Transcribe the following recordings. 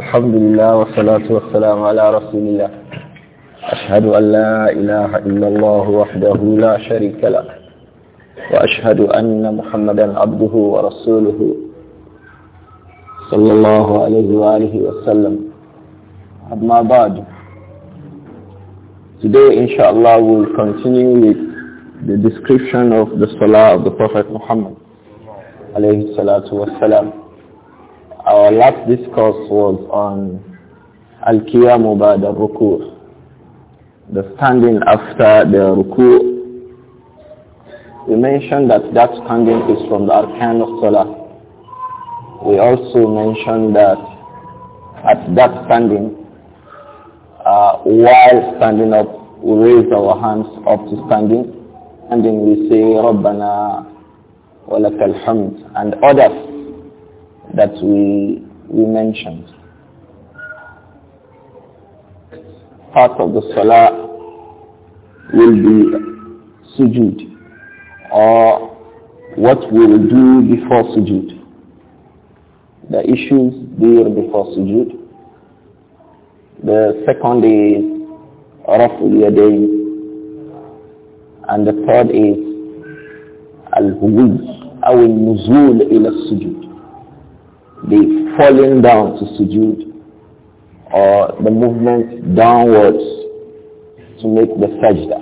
الحمد لله والصلاة والسلام على رسول الله أشهد أن لا إله إلا الله وحده لا شريك له وأشهد أن محمدا عبده ورسوله صلى الله عليه وآله وسلم أما بعد Today inshallah we'll continue with the description of the Salah of the Prophet Muhammad alayhi salatu والسلام Our last discourse was on Al-Qiyamu Ba'da Ruku' the standing after the Ruku' We mentioned that that standing is from the Arkan of Salah. We also mentioned that at that standing, uh, while standing up, we raise our hands up to standing and then we say, رَبَّنَا وَلَكَ hamd and others that we, we mentioned. Part of the salah will be sujood or what we will do before sujood. The issues there before sujood. The second is رفع اليدين and the third is al-hulul al النزول إلى Sujood the falling down to sujood or the movement downwards to make the sajda.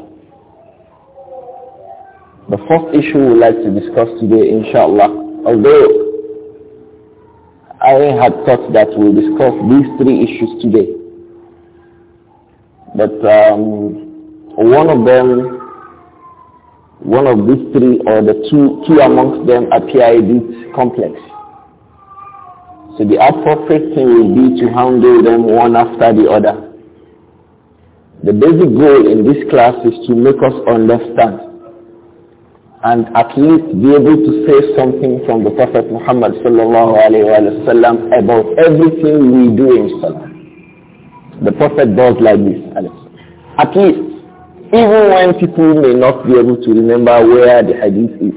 The first issue we'd like to discuss today, inshallah, although I had thought that we'll discuss these three issues today. But um, one of them, one of these three, or the two, two amongst them appear a bit complex. So the appropriate thing will be to handle them one after the other. The basic goal in this class is to make us understand and at least be able to say something from the Prophet Muhammad sallallahu alayhi wa about everything we do in Salah. The Prophet does like this. At least, even when people may not be able to remember where the hadith is,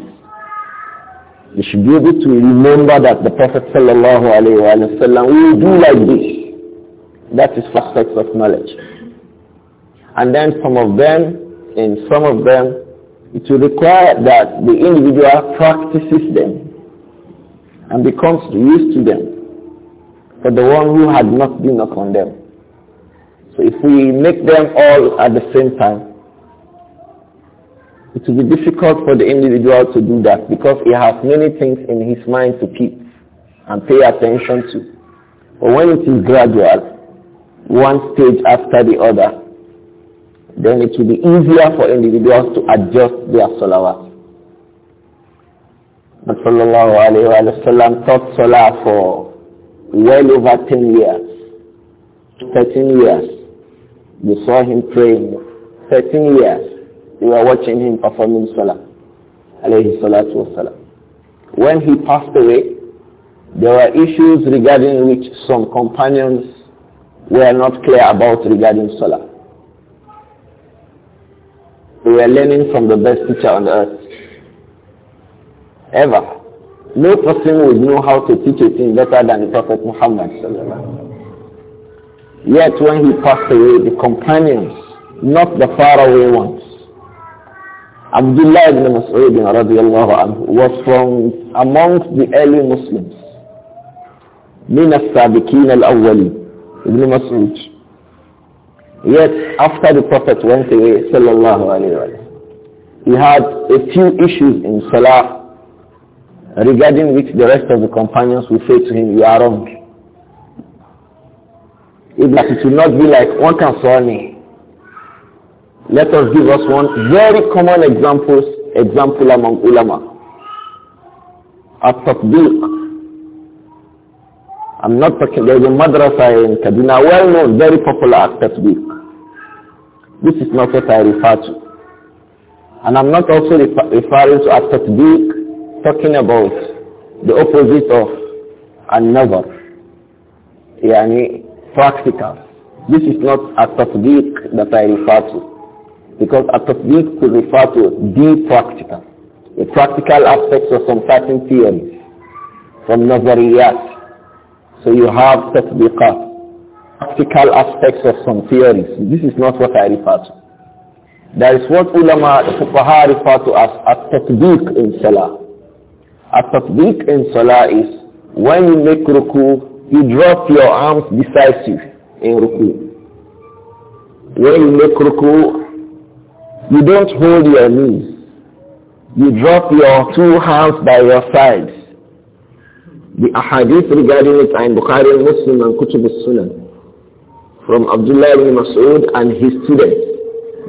you should be able to remember that the Prophet sallallahu alaihi wasallam. will do like this. That is facets of knowledge. And then some of them, in some of them, it will require that the individual practices them and becomes used to them for the one who had not been upon them. So if we make them all at the same time, it will be difficult for the individual to do that because he has many things in his mind to keep and pay attention to. But when it is gradual, one stage after the other, then it will be easier for individuals to adjust their salawat. But Sallallahu Alaihi Wasallam taught salah for well over 10 years, 13 years. We saw him praying 13 years. They were watching him performing salah. Alayhi salatu wasalam. When he passed away, there were issues regarding which some companions were not clear about regarding salah. They were learning from the best teacher on earth. Ever. No person would know how to teach a thing better than the Prophet Muhammad. Yet when he passed away, the companions, not the faraway ones, Abdullah ibn Mas'ud radiallahu anhu was from amongst the early Muslims. من al الأولين Ibn Mas'ud. Yet after the Prophet went away sallallahu alayhi wa he had a few issues in Salah regarding which the rest of the companions will say to him, you are wrong. It, it will not be like one can saw me let us give us one very common example, example among ulama. At-tatbiq. I'm not talking, there's a madrasa in Kaduna, well known, very popular at Tatbiq. This is not what I refer to. And I'm not also referring to at Tatbiq, talking about the opposite of another. Yani practical. This is not at Tatbiq that I refer to. Because at-tasdiq could refer to the practical, the practical aspects of some certain theories, from nazariyat. So you have tasdiqat, practical aspects of some theories. This is not what I refer to. That is what ulama, fuqaha refer to as at-tatbiq in salah. At-tatbiq in salah is when you make ruku, you drop your arms beside you in ruku. When you make ruku, you don't hold your knees. You drop your two hands by your sides. The ahadith regarding it are in Bukhari and Muslim and Kutub sunan from Abdullah ibn Mas'ud and his students.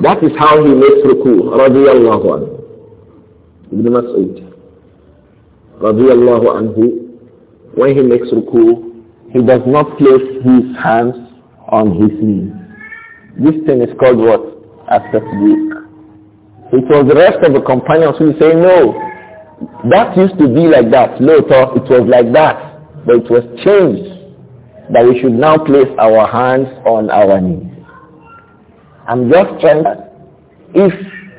That is how he makes ruku, radiyallahu anhu. Ibn Mas'ud, radiyallahu anhu, when he makes ruku, he does not place his hands on his knees. This thing is called what? After it was the rest of the companions who say, no, that used to be like that. Later, it was like that. But it was changed that we should now place our hands on our knees. I'm just trying to, if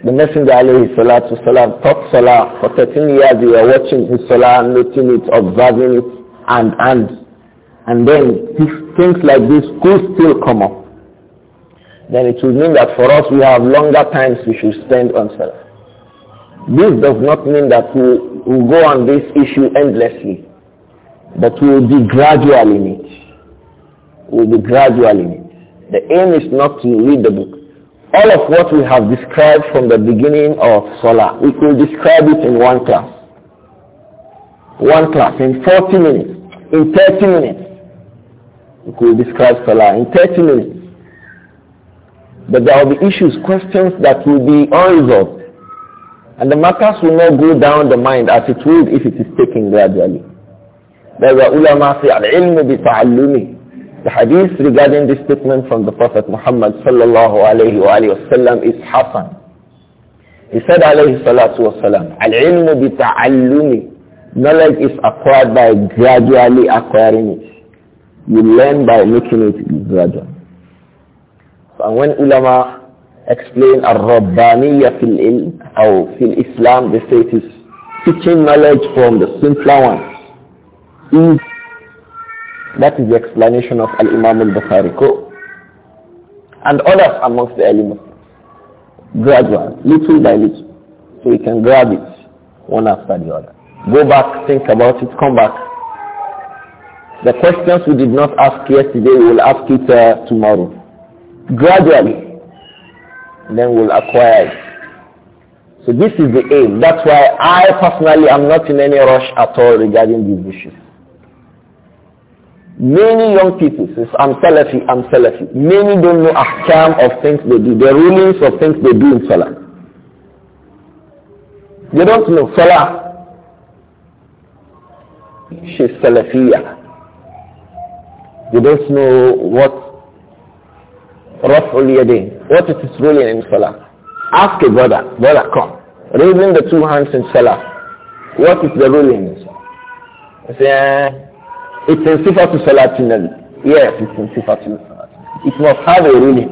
the Messenger alayhi salatu salam taught salah for 13 years, we were watching his salah, noting it, observing it, and, and, and then things like this could still come up then it would mean that for us we have longer times we should spend on salah. This does not mean that we will go on this issue endlessly, but we will be gradual in it. We will be gradual in it. The aim is not to read the book. All of what we have described from the beginning of Salah, we could describe it in one class. One class, in 40 minutes, in 30 minutes. We could describe Salah in 30 minutes. But there will be issues, questions that will be unresolved. And the matters will not go down the mind as it would if it is taken gradually. There ulama al-ilm bi ta'allumi. The hadith regarding this statement from the Prophet Muhammad sallallahu alayhi wa alayhi is Hassan. He said alayhi salatu wasalam, al-ilm bi ta'allumi. Knowledge is acquired by gradually acquiring it. You learn by making it gradual. And when ulama explain al-Rabbaniyya fil ilm or fil Islam, they say it is teaching knowledge from the simpler ones. That is the explanation of Al-Imam al-Bukhari and others amongst the early Gradual, little by little. So you can grab it one after the other. Go back, think about it, come back. The questions we did not ask yesterday, we will ask it uh, tomorrow gradually then we'll acquire it so this is the aim that's why i personally am not in any rush at all regarding these issues many young people says i'm salafi i'm salafi many don't know ahkam of things they do the rulings of things they do in salah they don't know salah she's salafiyah they don't know what Raf'ul Yadayn. What is it is ruling in Salah? Ask a brother, brother come. Raising the two hands in Salah. What is the ruling in Salah? I say, eh, it's in Sifatu Salatin Nabi. Yes, it's in Sifatu Salatin. It must have a ruling.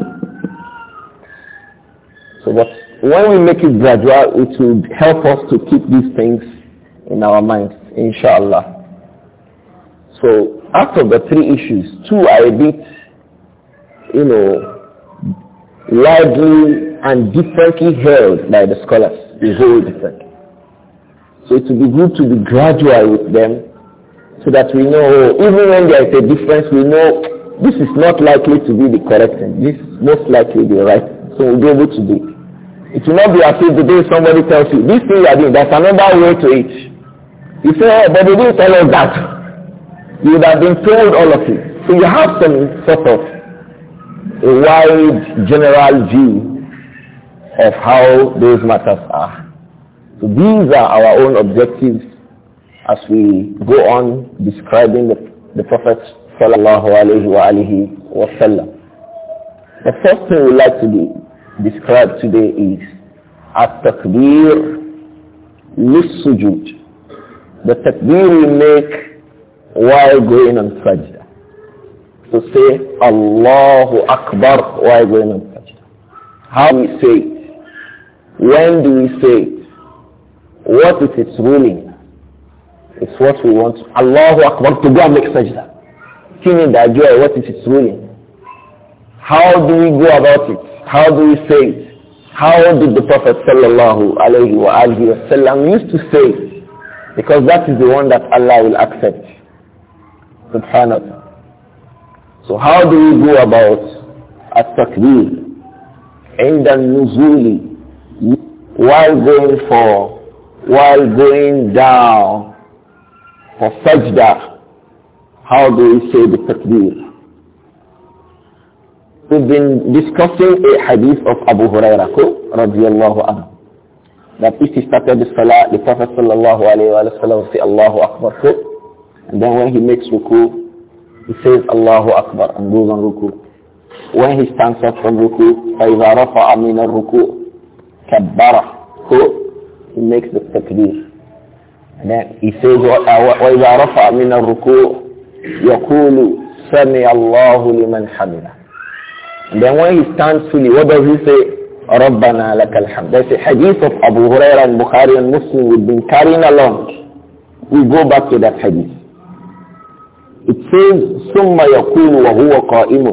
So but when we make it gradual, it will help us to keep these things in our minds, inshallah. So out of the three issues, two are a bit, you know, widely and differently held by the scholars. They very different. So it will be good to be gradual with them so that we know, even when there is a difference, we know this is not likely to be the correct thing. This is most likely the right. So we'll be able to do it. It will not be as if the day somebody tells you, this thing you are doing, that's another way to it. You say, oh, but they didn't tell us that. You would have been told all of it. So you have some sort of a wide general view of how those matters are. So these are our own objectives as we go on describing the, the Prophet sallallahu alayhi wa alihi wasallam. The first thing we'd like to be, describe today is at-takbir lis-sujud. The takbir we make while going on sajda to say Allahu Akbar while going on sajda. How we say it? When do we say it? What is its ruling? It's what we want. Allahu Akbar to go and make sajda. Kini dajua, what is its ruling? How do we go about it? How do we say it? How did the Prophet sallallahu alayhi wa alayhi wa sallam used to say it? Because that is the one that Allah will accept. Subhanahu so how do we go about at-takbir عند النزول while going for while going down for sajda how do we say the takbir we've been discussing a hadith of Abu Hurairah radiyallahu anhu that if he started the salah the prophet sallallahu alayhi wasallam sallam say Allahu Akbar and then when he makes ruku he says Allahu Akbar and goes on ruku. When he stands up from ruku, فَإِذَا رَفَعَ مِنَ الرُّكُوءِ كَبَّرَ Who? He makes the takbir. And then he says, وَإِذَا رَفَعَ مِنَ الرُّكُوءِ يَقُولُ سَمِعَ اللَّهُ لِمَنْ حَمِدَهُ And then when he stands fully, what does he say? رَبَّنَا لَكَ الْحَمْدِ That's a hadith of Abu Huraira and Bukhari and Muslim we've been carrying along. We go back to that hadith. It says, ثُمَّ يَقُولُ وَهُوَ قَائِمٌ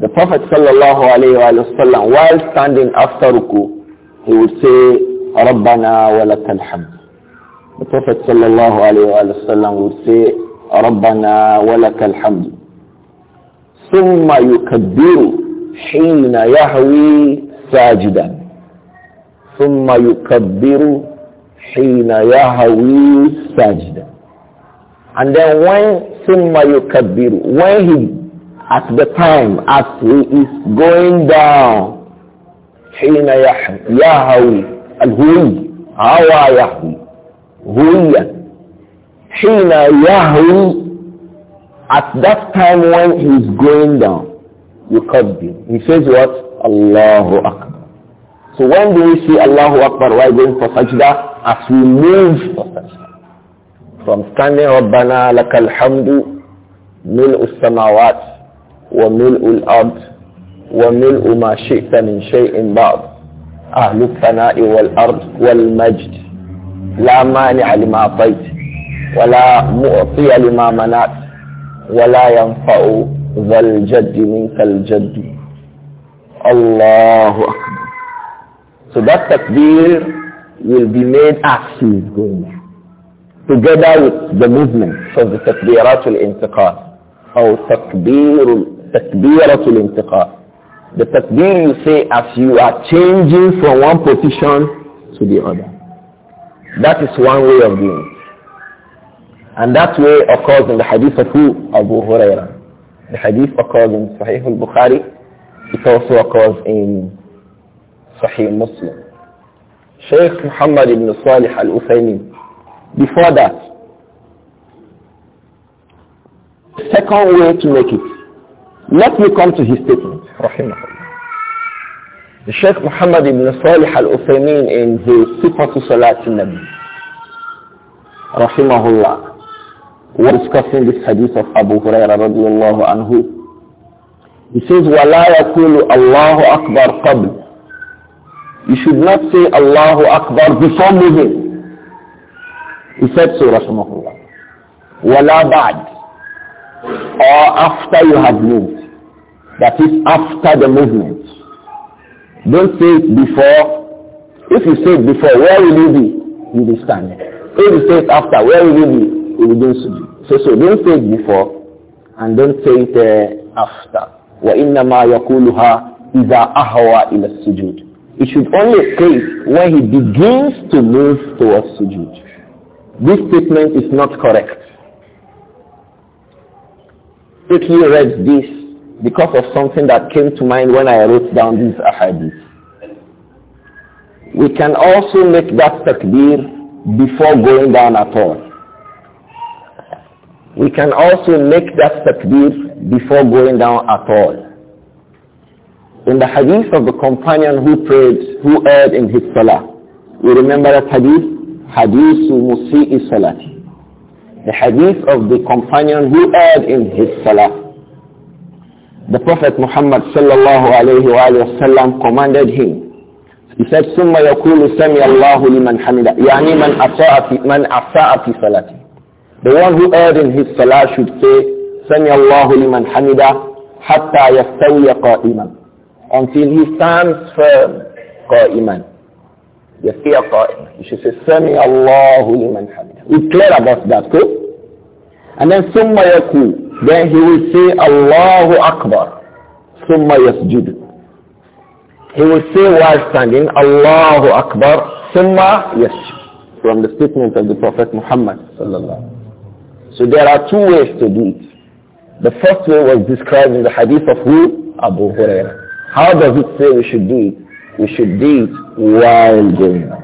The Prophet sallallahu alayhi wa sallam, while standing after ruku, he would say, رَبَّنَا وَلَكَ الْحَمْدُ The Prophet sallallahu alayhi wa sallam would say, رَبَّنَا وَلَكَ الْحَمْدُ summa يُكَبِّرُ حِينَ يَهْوِي سَاجِدًا ثُمَّ يُكَبِّرُ حِينَ يَهْوِي سَاجِدًا And then when summa yukabbiru, when he, at the time, as he is going down, حين يهوي الهوي هوى يهوي هوية حين يهوي at that time when he is going down يكبر he says what Allahu Akbar so when do we see Allahu Akbar Why going for sajda as we move for sajda from ربنا لك الحمد ملء السماوات وملء الأرض وملء ما شئت من شيء بعض أهل الثناء والأرض والمجد لا مانع لما أعطيت ولا معطي لما منعت ولا ينفع ذا الجد منك الجد الله أكبر So that takbir will be made as he is going. together with the movement of the تكبيرات الانتقال or تكبير تكبيرة الانتقال The takbir you say as you are changing from one position to the other. That is one way of doing it. And that way occurs in the hadith of who? Abu Huraira. The hadith occurs in Sahih al-Bukhari. It also occurs in Sahih Muslim. Sheikh Muhammad ibn Salih al-Uthaymin before that. Second way to make it. Let me come to his statement. The Sheikh Muhammad ibn Salih al-Uthaymeen in the Sifatu Salatul Nabi, rahimahullah, was discussing this hadith of Abu Hurairah radiallahu anhu. He says, وَلَا يَقُولُ اللَّهُ أَكْبَرْ قَبْلِ You should not say Allahu Akbar before moving. He said so, Rahmahullah. Wala ba'd. Or after you have moved. That is after the movement. Don't say it before. If you say it before, where will you be? You will stand. If you say it after, where will you be? You will do so. So don't say it before and don't say it uh, after. وَإِنَّمَا يَقُولُهَا إِذَا أَهْوَى إِلَى السُّجُودِ It should only say when he begins to move towards sujood. This statement is not correct. you read this because of something that came to mind when I wrote down these ahadith. We can also make that takbir before going down at all. We can also make that takbir before going down at all. In the hadith of the companion who prayed, who erred in his salah, you remember that hadith? hadithu musi'i salati. The hadith of the companion who erred in his salah. The Prophet Muhammad sallallahu alayhi wa sallam commanded him. He said, ثُمَّ يَقُولُ سَمِيَ اللَّهُ لِمَنْ hamida." يعني من أساء في, من أساء في صلاته. The one who erred in his salah should say, سَمِيَ اللَّهُ لِمَنْ hamida," حَتَّى يَسْتَوِيَ قَائِمًا Until he stands firm قائما يَسْقِيَ قَائِمًا You should say, سَمِعَ اللَّهُ لِمَنْ حَمِدًا clear about that, cool? And then ثُمَّ يَقُولُ Then he will say, Allahu Akbar. ثُمَّ يَسْجُدُ He will say while standing, Allahu Akbar, ثُمَّ يَسْجُدُ From the statement of the Prophet Muhammad So there are two ways to do it. The first way was described in the hadith of who? Abu Hurairah. How does it say we should do it? We should do it while going up.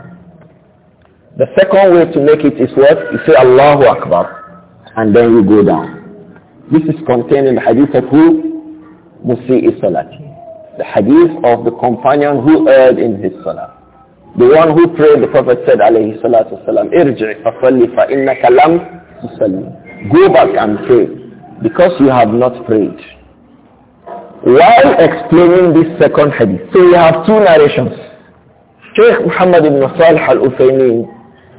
The second way to make it is what? You say Allahu Akbar and then you go down. This is contained in the hadith of who? is Salati. The hadith of the companion who erred in his salah. The one who prayed, the Prophet said alayhi salatu wasalam, Irji fasalli fa innaka lam Go back and pray because you have not prayed. While explaining this second hadith, so we have two narrations. Sheikh Muhammad ibn Salih al-Uthaymeen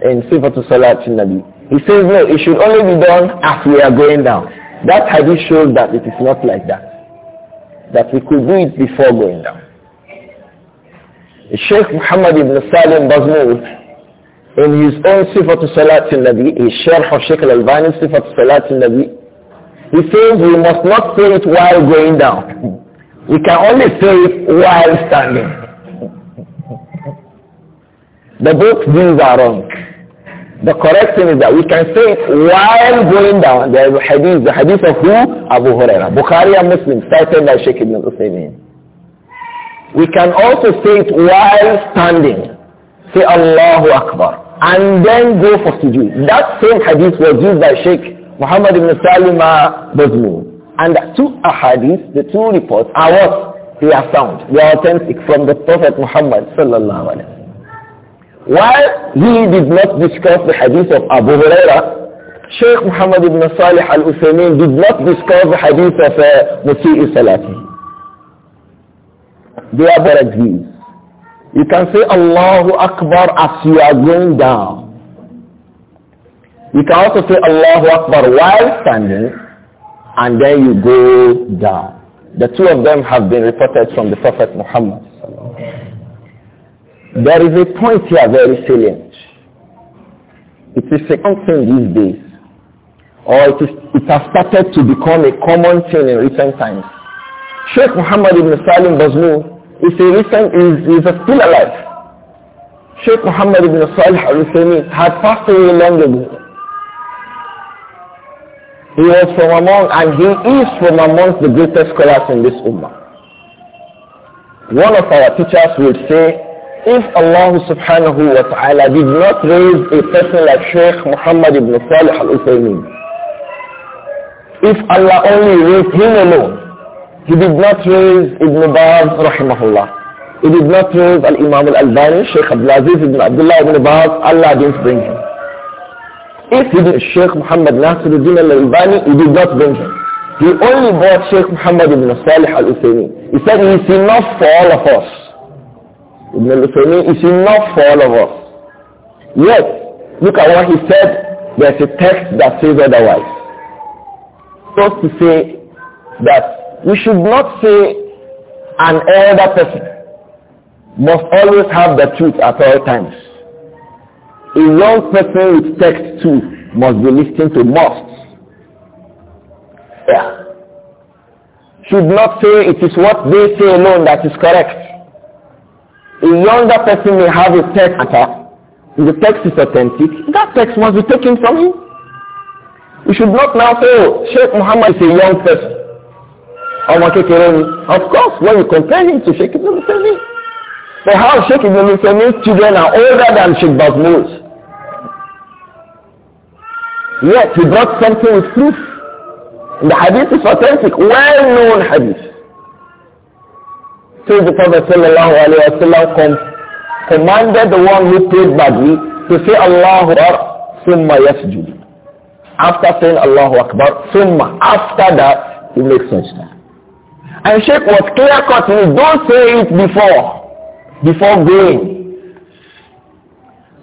in Sifatul Salat al-Nabi, he says, no, it should only be done as we are going down. That hadith shows that it is not like that. That we could do it before going down. Sheikh Muhammad ibn Salim Bazmoud, in his own Sifatul al-Salat al-Nabi, his Sharh of Sheikh al-Albani Sifat salat al-Nabi, he says we must not say it while going down. We can only say it while standing. The both things are wrong. The correct thing is that we can say it while going down. There is hadith, the hadith of who? Abu Huraira. Bukhari and Muslim, cited by Sheikh Ibn Uthaymeen. We can also say it while standing. Say Allahu Akbar. And then go for sujood. That same hadith was used by Sheikh Muhammad ibn Salima Bazmum. And the two ahadith, the two reports, are what they are found. They are authentic from the Prophet Muhammad sallallahu alaihi While he did not discuss the hadith of Abu Huraira, Sheikh Muhammad ibn Salih al-Uthaymeen did not discuss the hadith of uh, Musi'i Salati. They are both views. You can say Allahu Akbar as you are going down. You can also say Allahu Akbar while standing and then you go down. The two of them have been reported from the Prophet Muhammad. There is a point here very salient. It is a common thing these days, or it, is, it has started to become a common thing in recent times. Sheikh Muhammad ibn Salim Bazmoon is a recent, is, is still alive. Sheikh Muhammad ibn Salih al-Husaymi had passed away long ago. He was from among, and he is from amongst the greatest scholars in this ummah. One of our teachers will say, if Allah subhanahu wa ta'ala did not raise a person like Sheikh Muhammad ibn Salih al Uthaymin, if Allah only raised him alone, he did not raise Ibn Baz rahimahullah. He did not raise Al-Imam al-Albani, Sheikh Aziz ibn Abdullah ibn Baz, Allah didn't bring him. If he did Sheikh Muhammad Nasiruddin al-Albani, he did not bring him. He only brought Sheikh Muhammad ibn Salih al-Usaini. He said, it's enough for all of us. Ibn al-Usaini, it's enough for all of us. Yet, look at what he said. There's a text that says otherwise. Just to say that we should not say an elder person must always have the truth at all times. A wrong person with text too must be listening to must. Yeah. Should not say it is what they say alone that is correct. A younger person may have a text attack. If the text is authentic, that text must be taken from him. We should not now say, oh, Sheikh Muhammad is a young person. Ọmọ kékeré ni. Of course, when you compare him to Sheikh Ibn Muslim. But how Sheikh Ibn Muslim's children are older than Sheikh Bazmuz. Yet he brought something with proof. And the hadith is authentic, well-known hadith. So the Prophet sallallahu alayhi wa sallam commanded the one who prayed badly to say Allahu Akbar, summa yasjud. After saying Allahu Akbar, summa, after that, he makes sajda. And Sheikh was clear-cut, don't say it before, before going.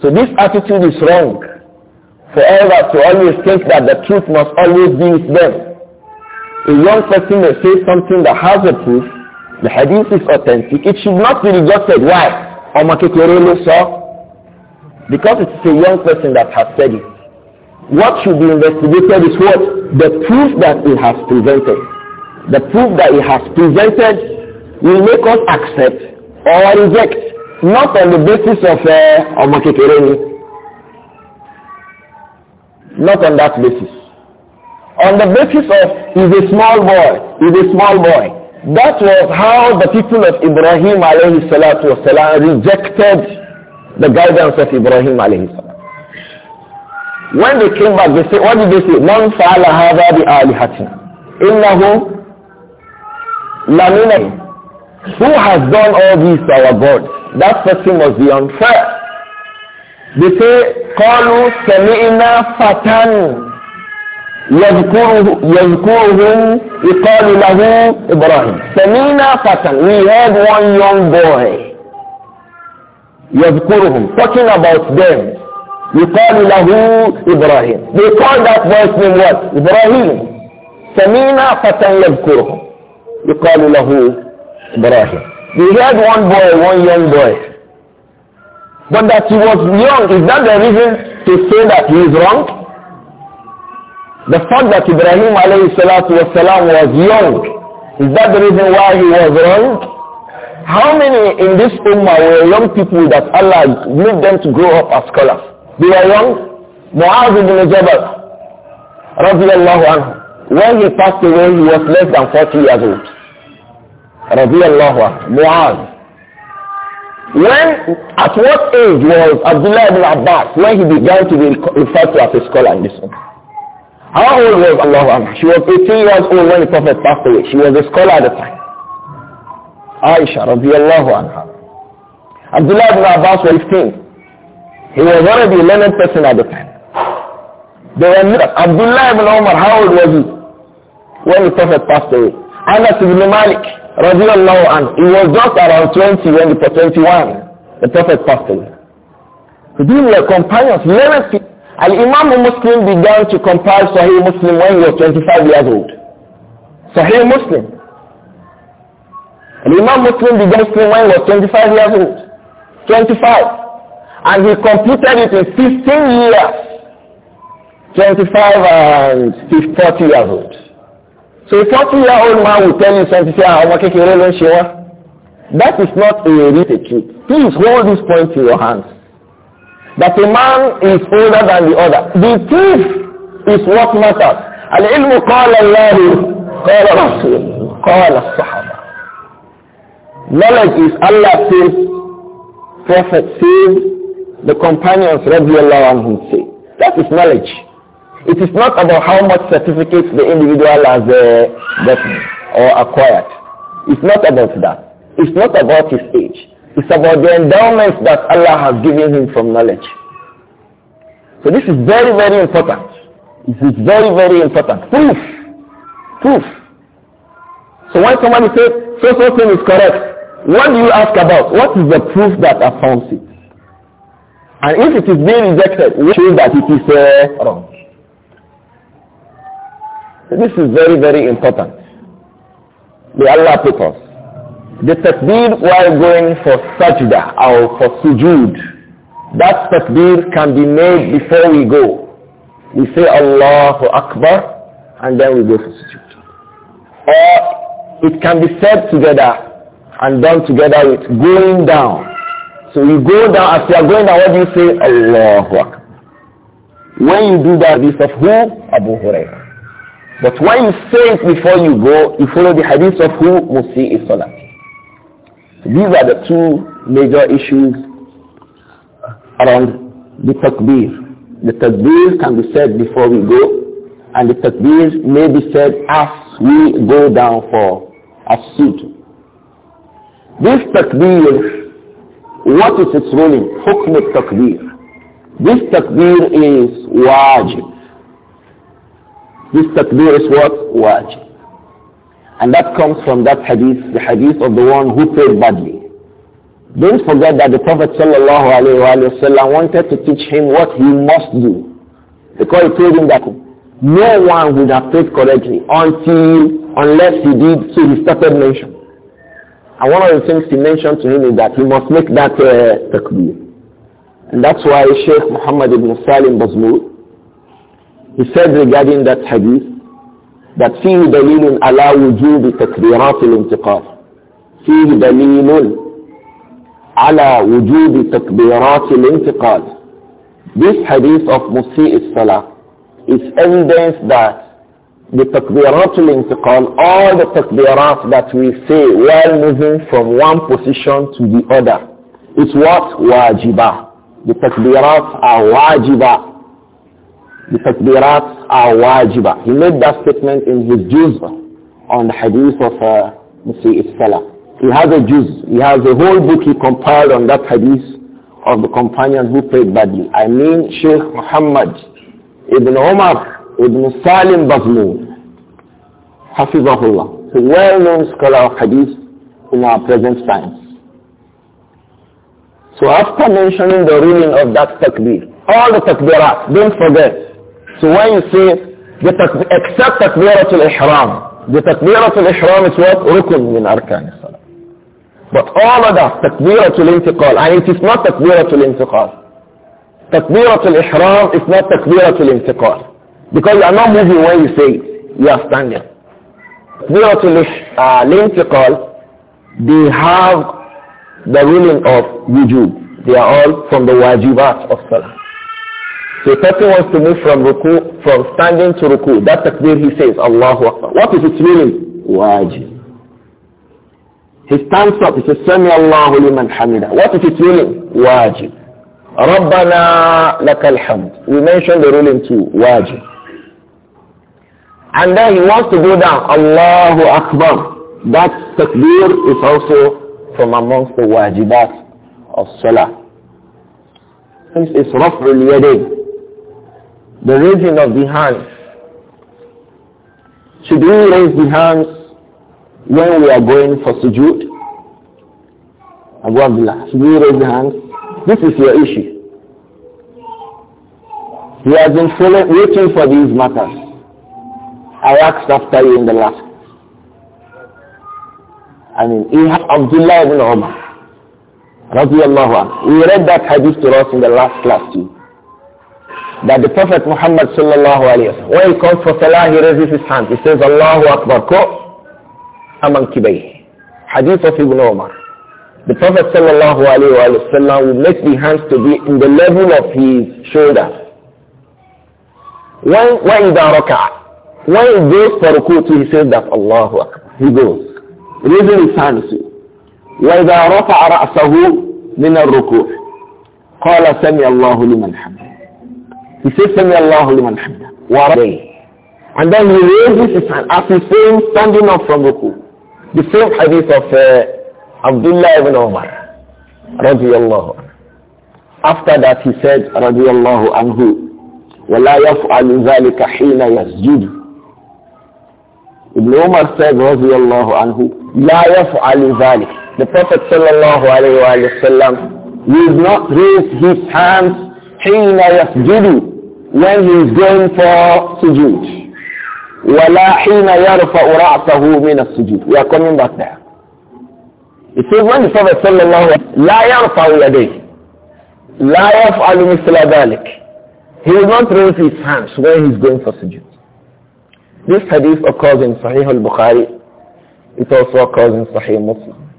So this attitude is wrong for elders to always think that the truth must always be with them. A young person may say something that has a proof, the hadith is authentic, it should not be rejected. Why? because it is a young person that has said it what should be investigated is what the proof that he has presented the proof that he has presented will make us accept or reject not on the basis of uh, ọmọ kékeré not on that basis. On the basis of, he's a small boy, he's a small boy. That was how the people of Ibrahim alayhi salatu wasalam rejected the guidance of Ibrahim alayhi salam. When they came back, they said, what did they say? Man fa'ala hadha bi alihatina. Innahu lamina. Who has done all these to our God? That person must be unfair. They say, قالوا سمعنا فتى يذكره يذكرهم يقال له إبراهيم سمعنا فتى we had one young boy يذكرهم talking about them يقال له إبراهيم they call that boy's name what إبراهيم سمعنا فتى يذكرهم يقال له إبراهيم we had one boy one young boy But that he was young, is that the reason to say that he is wrong? The fact that Ibrahim alayhi was young, is that the reason why he was wrong? How many in this ummah were young people that Allah made them to grow up as scholars? They were young. Muaz ibn Jabal, radiallahu anhu, when he passed away, he was less than 40 years old. Radiallahu anhu, Muaz. When, at what age was Abdullah ibn Abbas when he began to be referred to as a scholar in this one? How old was Allah? She was 18 years old when the Prophet passed away. She was a scholar at the time. Aisha radiallahu anha. Abdullah ibn Abbas was 15. He was already a learned person at the time. They were not. Abdullah ibn Umar, how old was he? When the Prophet passed away. Anas ibn Malik, radiallahu anhu, he was just around 20 when he was 21. The Prophet fasted. So these were companions, nearest people. And Imam Muslim began to compile Sahih Muslim when he was 25 years old. Sahih Muslim. And Imam Muslim began Muslim when he was 25 years old. 25. And he completed it in 15 years. 25 and 40 years old. So a 40 year old man will tell you something, say, ah, kékeré ló ń ṣe wá. That is not a real truth. Please hold this point to your hands. That a man is older than the other. The truth is what matters. العلم قال الله قال رسول قال الصحابة. Knowledge is Allah says, Prophet says, the companions read رضي الله عنهم say. That is knowledge. It is not about how much certificates the individual has uh, gotten or acquired. It's not about that. It's not about his age. It's about the endowments that Allah has given him from knowledge. So this is very, very important. This is very, very important. Proof. Proof. So when somebody says, so something thing is correct, what do you ask about? What is the proof that affirms it? And if it is being rejected, we show that it is uh, wrong this is very, very important. May Allah put us. The takbir while going for sajda or for sujood, that takbir can be made before we go. We say Allahu Akbar and then we go for sujood. Or it can be said together and done together with going down. So you go down, as you are going down, what do you say? Allahu Akbar. When you do that, this of who? Abu Hurairah. But when you say it before you go, you follow the hadith of who must is salah. These are the two major issues around the takbir. The takbir can be said before we go, and the takbir may be said as we go down for a suit. This takbir, what is its ruling? Hukm takbir. This takbir is wajib. This takbir is what? Wajib. And that comes from that hadith, the hadith of the one who prayed badly. Don't forget that the Prophet sallallahu wanted to teach him what he must do. Because he told him that no one would have prayed correctly until, unless he did, so he started mentioning. And one of the things he mentioned to him is that he must make that uh, takbir. And that's why Sheikh Muhammad ibn Salim Bazmoud, he said regarding that hadith that فيه دليل على وجوب تكبيرات الانتقال فيه دليل على وجوب تكبيرات الانتقال This hadith of Musi'i Salah is evidence that the takbirat al-intiqal, all the takbirat that we say while moving from one position to the other, is what? Wajibah. The takbirat are wajibah. The takbirat are wajibah. He made that statement in his juz on the hadith of uh, Musi He has a juz. He has a whole book he compiled on that hadith of the companion who prayed badly. I mean Sheikh Muhammad ibn Umar ibn Salim Bazmoon. Hafizahullah. a well-known scholar of hadith in our present times. So after mentioning the ruling of that takbir, all the takbirat, don't forget, so when you say, the takbir, except takbiratul ihram, the takbiratul ihram is what? Rukun min arkan salah. But all of that, takbiratul intiqal, and it is not takbiratul intiqal. Takbiratul ihram is not takbiratul intiqal. Because you are not moving when you say it, you are standing. Takbiratul uh, intiqal, they have the ruling of wujud. They are all from the wajibat of salah. So person wants to move from ruku, from standing to ruku. That takbir he says, Allahu Akbar. What is its meaning? Wajib. He stands up, he says, Sami Allahu liman hamida. What is its meaning? Wajib. Rabbana lakal hamd. We mentioned the ruling too, wajib. And then he wants to go down, Allahu Akbar. That takbir is also from amongst the wajibat of salah. Hence it's raf'ul yadayn. The raising of the hands. Should we raise the hands when we are going for sujood? Abu Abdullah, should we raise the hands? This is your issue. He has been following, waiting for these matters. I asked after you in the last. I mean, Abdullah ibn Umar. Radiallahu anhu. We read that hadith to us in the last class too. that the Prophet Muhammad sallallahu alayhi wa when he comes for salah, he raises his hand. He says, Allahu Akbar, ko aman kibayhi. Hadith of Ibn Omar. The Prophet sallallahu alayhi wa sallam will make the hands to be in the level of his shoulder. When, when, raka, when he goes for rukutu, he says that Allahu Akbar. He goes. Raising his hands. وإذا رفع رأسه من الركوع قال سمع الله لمن حمده He says, Sami Allahu liman hamda. And then he raises his hand as he's saying, standing up from ruku. The same hadith of uh, Abdullah ibn Umar. Radiallahu anhu. After that he said, radiallahu anhu, وَلَا يَفْعَلُ ذَلِكَ حِينَ يَسْجُدُ Ibn Umar said, radiallahu anhu, لَا يَفْعَلُ ذَلِكَ The Prophet sallallahu alayhi wa sallam will not raise his hands حِينَ يَسْجُدُ when he is going for sujood. وَلَا حِينَ يَرْفَعُ رَأْسَهُ مِنَ السُّجُودِ We are coming back there. It says when the Prophet sallallahu alaihi wasallam لا يرفع يديه لا يفعل مثل ذلك He will not raise his hands when he is going for sujood. This hadith occurs in Sahih al-Bukhari. It also occurs in Sahih Muslim.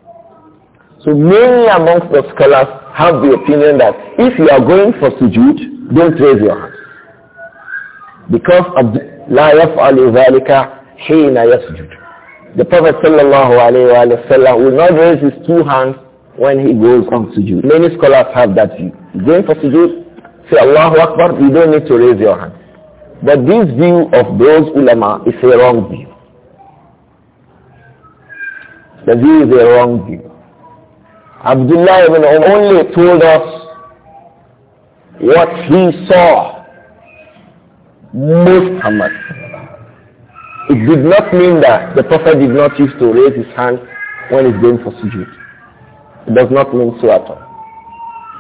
So many amongst the scholars have the opinion that if you are going for sujood, don't raise your hands because of لا يفعل ذلك حين yasjud. the Prophet sallallahu alayhi wa will not raise his two hands when he goes on sujood. Many scholars have that view. Going for sujood, say Allahu Akbar, you don't need to raise your hand. But this view of those ulama is a wrong view. The view is a wrong view. Abdullah ibn Umar only told us what he saw most hammers. It did not mean that the Prophet did not use to raise his hand when he's going for sujood. It does not mean so at all.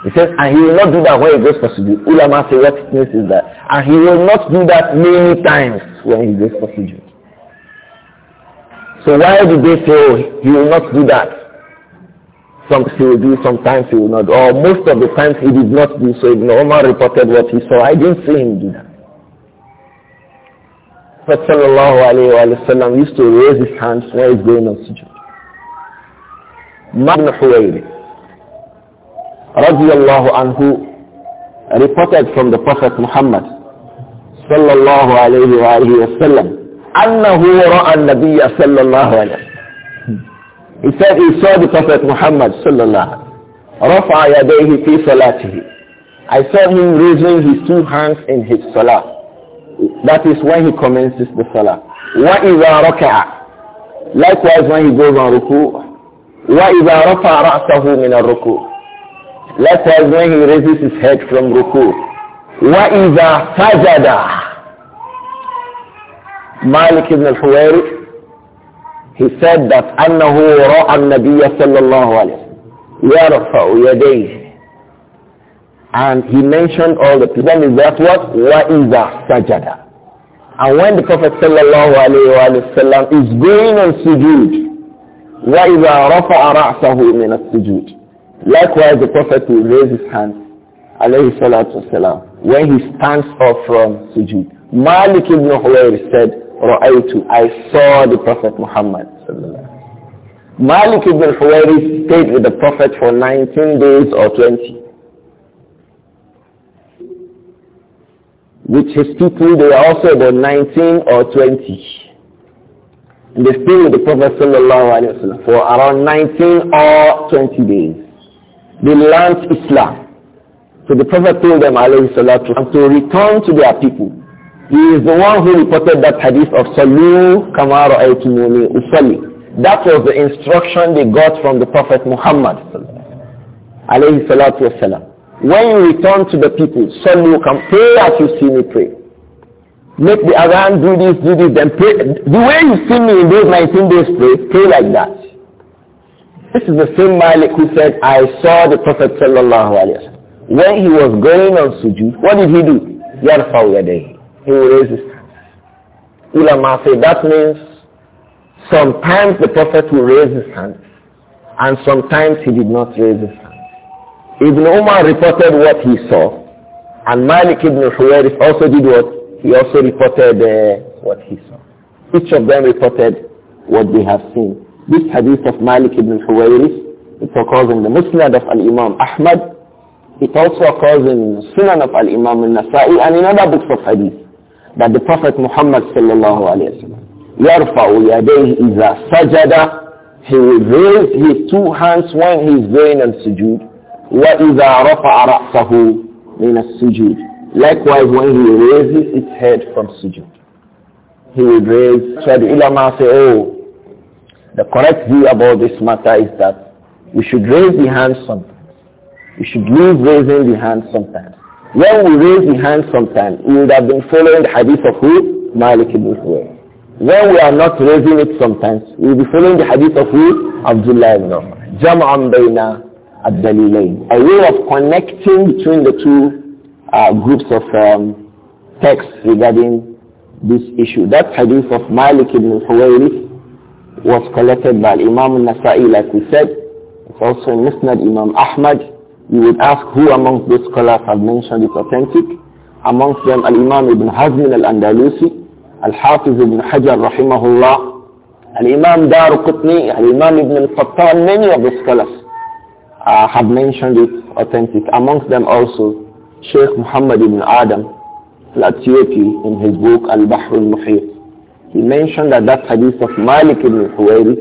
He says, and he will not do that when he goes for sujood. Ulama say what it means is that, and he will not do that many times when he goes for sujood. So why did they say, oh, he will not do that? Some he will do, sometimes he will not. Or most of the times he did not do so. Ibn Omar reported what he saw. I didn't see him do that. Prophet sallallahu alayhi wa sallam used to raise his hands when he's going on sujood. Ibn Huwayri anhu reported from the Prophet Muhammad sallallahu alayhi wa alayhi wa sallam أنه رأى النبي صلى alayhi عليه He said he saw the Prophet Muhammad صلى الله عليه وسلم رفع يديه في صلاته I saw him raising his two hands in his salah That is when he commences the salah. وَإِذَا رَكَعَ Likewise when he goes on ruku. وَإِذَا رَفَعَ رَأْسَهُ مِنَ الرُّكُوْ Likewise when he raises his head from ruku. وَإِذَا سَجَدَ Malik ibn al-Huwairi, he said that أَنَّهُ رَأَى النَّبِيَّ صَلَّى اللَّهُ عَلَيْهِ وَيَرْفَعُ يَدَيْهِ And he mentioned all the people. That means that's what? وَإِذَا sajada. And when the Prophet sallallahu alayhi wa sallam is going on sujood, وَإِذَا رَفَعَ رَعْسَهُ مِنَ sujud. Likewise, the Prophet will raise his hand, alayhi salatu wasalam, when he stands up from sujood. Malik ibn Huwayr said, رأيت, I saw the Prophet Muhammad sallallahu Malik ibn Huwayri stayed with the Prophet for 19 days or 20. with his people, they were also about 19 or 20. And they spent with the Prophet for around 19 or 20 days. They learned Islam. So the Prophet told them wasallam, to return to their people. He is the one who reported that hadith of Salu Kamara Aytumuni Usali. That was the instruction they got from the Prophet Muhammad alayhi salatu wasalam. When you return to the people, will come pray as you see me pray. Make the Adhan do this, do this, then pray. The way you see me in those 19 days pray, pray like that. This is the same Malik who said, I saw the Prophet Sallallahu Alaihi Wasallam. When he was going on sujood, what did he do? Yarfaw yadayhi. He raised raise his hands. Ulama said that means sometimes the Prophet will raise his hand and sometimes he did not raise his hand. Ibn Umar reported what he saw, and Malik ibn Huwaris also did what? He also reported uh, what he saw. Each of them reported what they have seen. This hadith of Malik ibn Huwaris, it occurs in the Musnad of Al-Imam Ahmad. It also occurs in Sunan of Al-Imam Al-Nasa'i and in other books of hadith that the Prophet Muhammad sallallahu alayhi wa sallam, يَرْفَعُ يَدَيْهِ إِذَا سَجَدَ He will raise his two hands when he is going on sujood. وَإِذَا رَفَعَ رَأْسَهُ مِنَ السُّجُودِ Likewise, when he raises its head from sujood, he will raise. So the ulama say, oh, the correct view about this matter is that we should raise the hand sometimes. We should leave raising the hand sometimes. When we raise the hand sometimes, we would have been following the hadith of who? Malik ibn Huwayr. When we are not raising it sometimes, we will be following the hadith of who? Abdullah ibn Umar ad a way of connecting between the two uh, groups of um, texts regarding this issue. That hadith of Malik ibn Huwayrith was collected by Imam al-Nasa'i, like we said. It's also in Musnad Imam Ahmad. You would ask who amongst those scholars have mentioned it authentic. Amongst them, Al-Imam ibn Hazm al-Andalusi, Al-Hafiz ibn Hajar rahimahullah, Al-Imam Dar Al-Imam ibn al many of the scholars uh, have mentioned it authentic. Amongst them also Sheikh Muhammad ibn Adam al-Atiyati in his book Al-Bahr al-Muhit. He mentioned that that hadith of Malik ibn Huwairi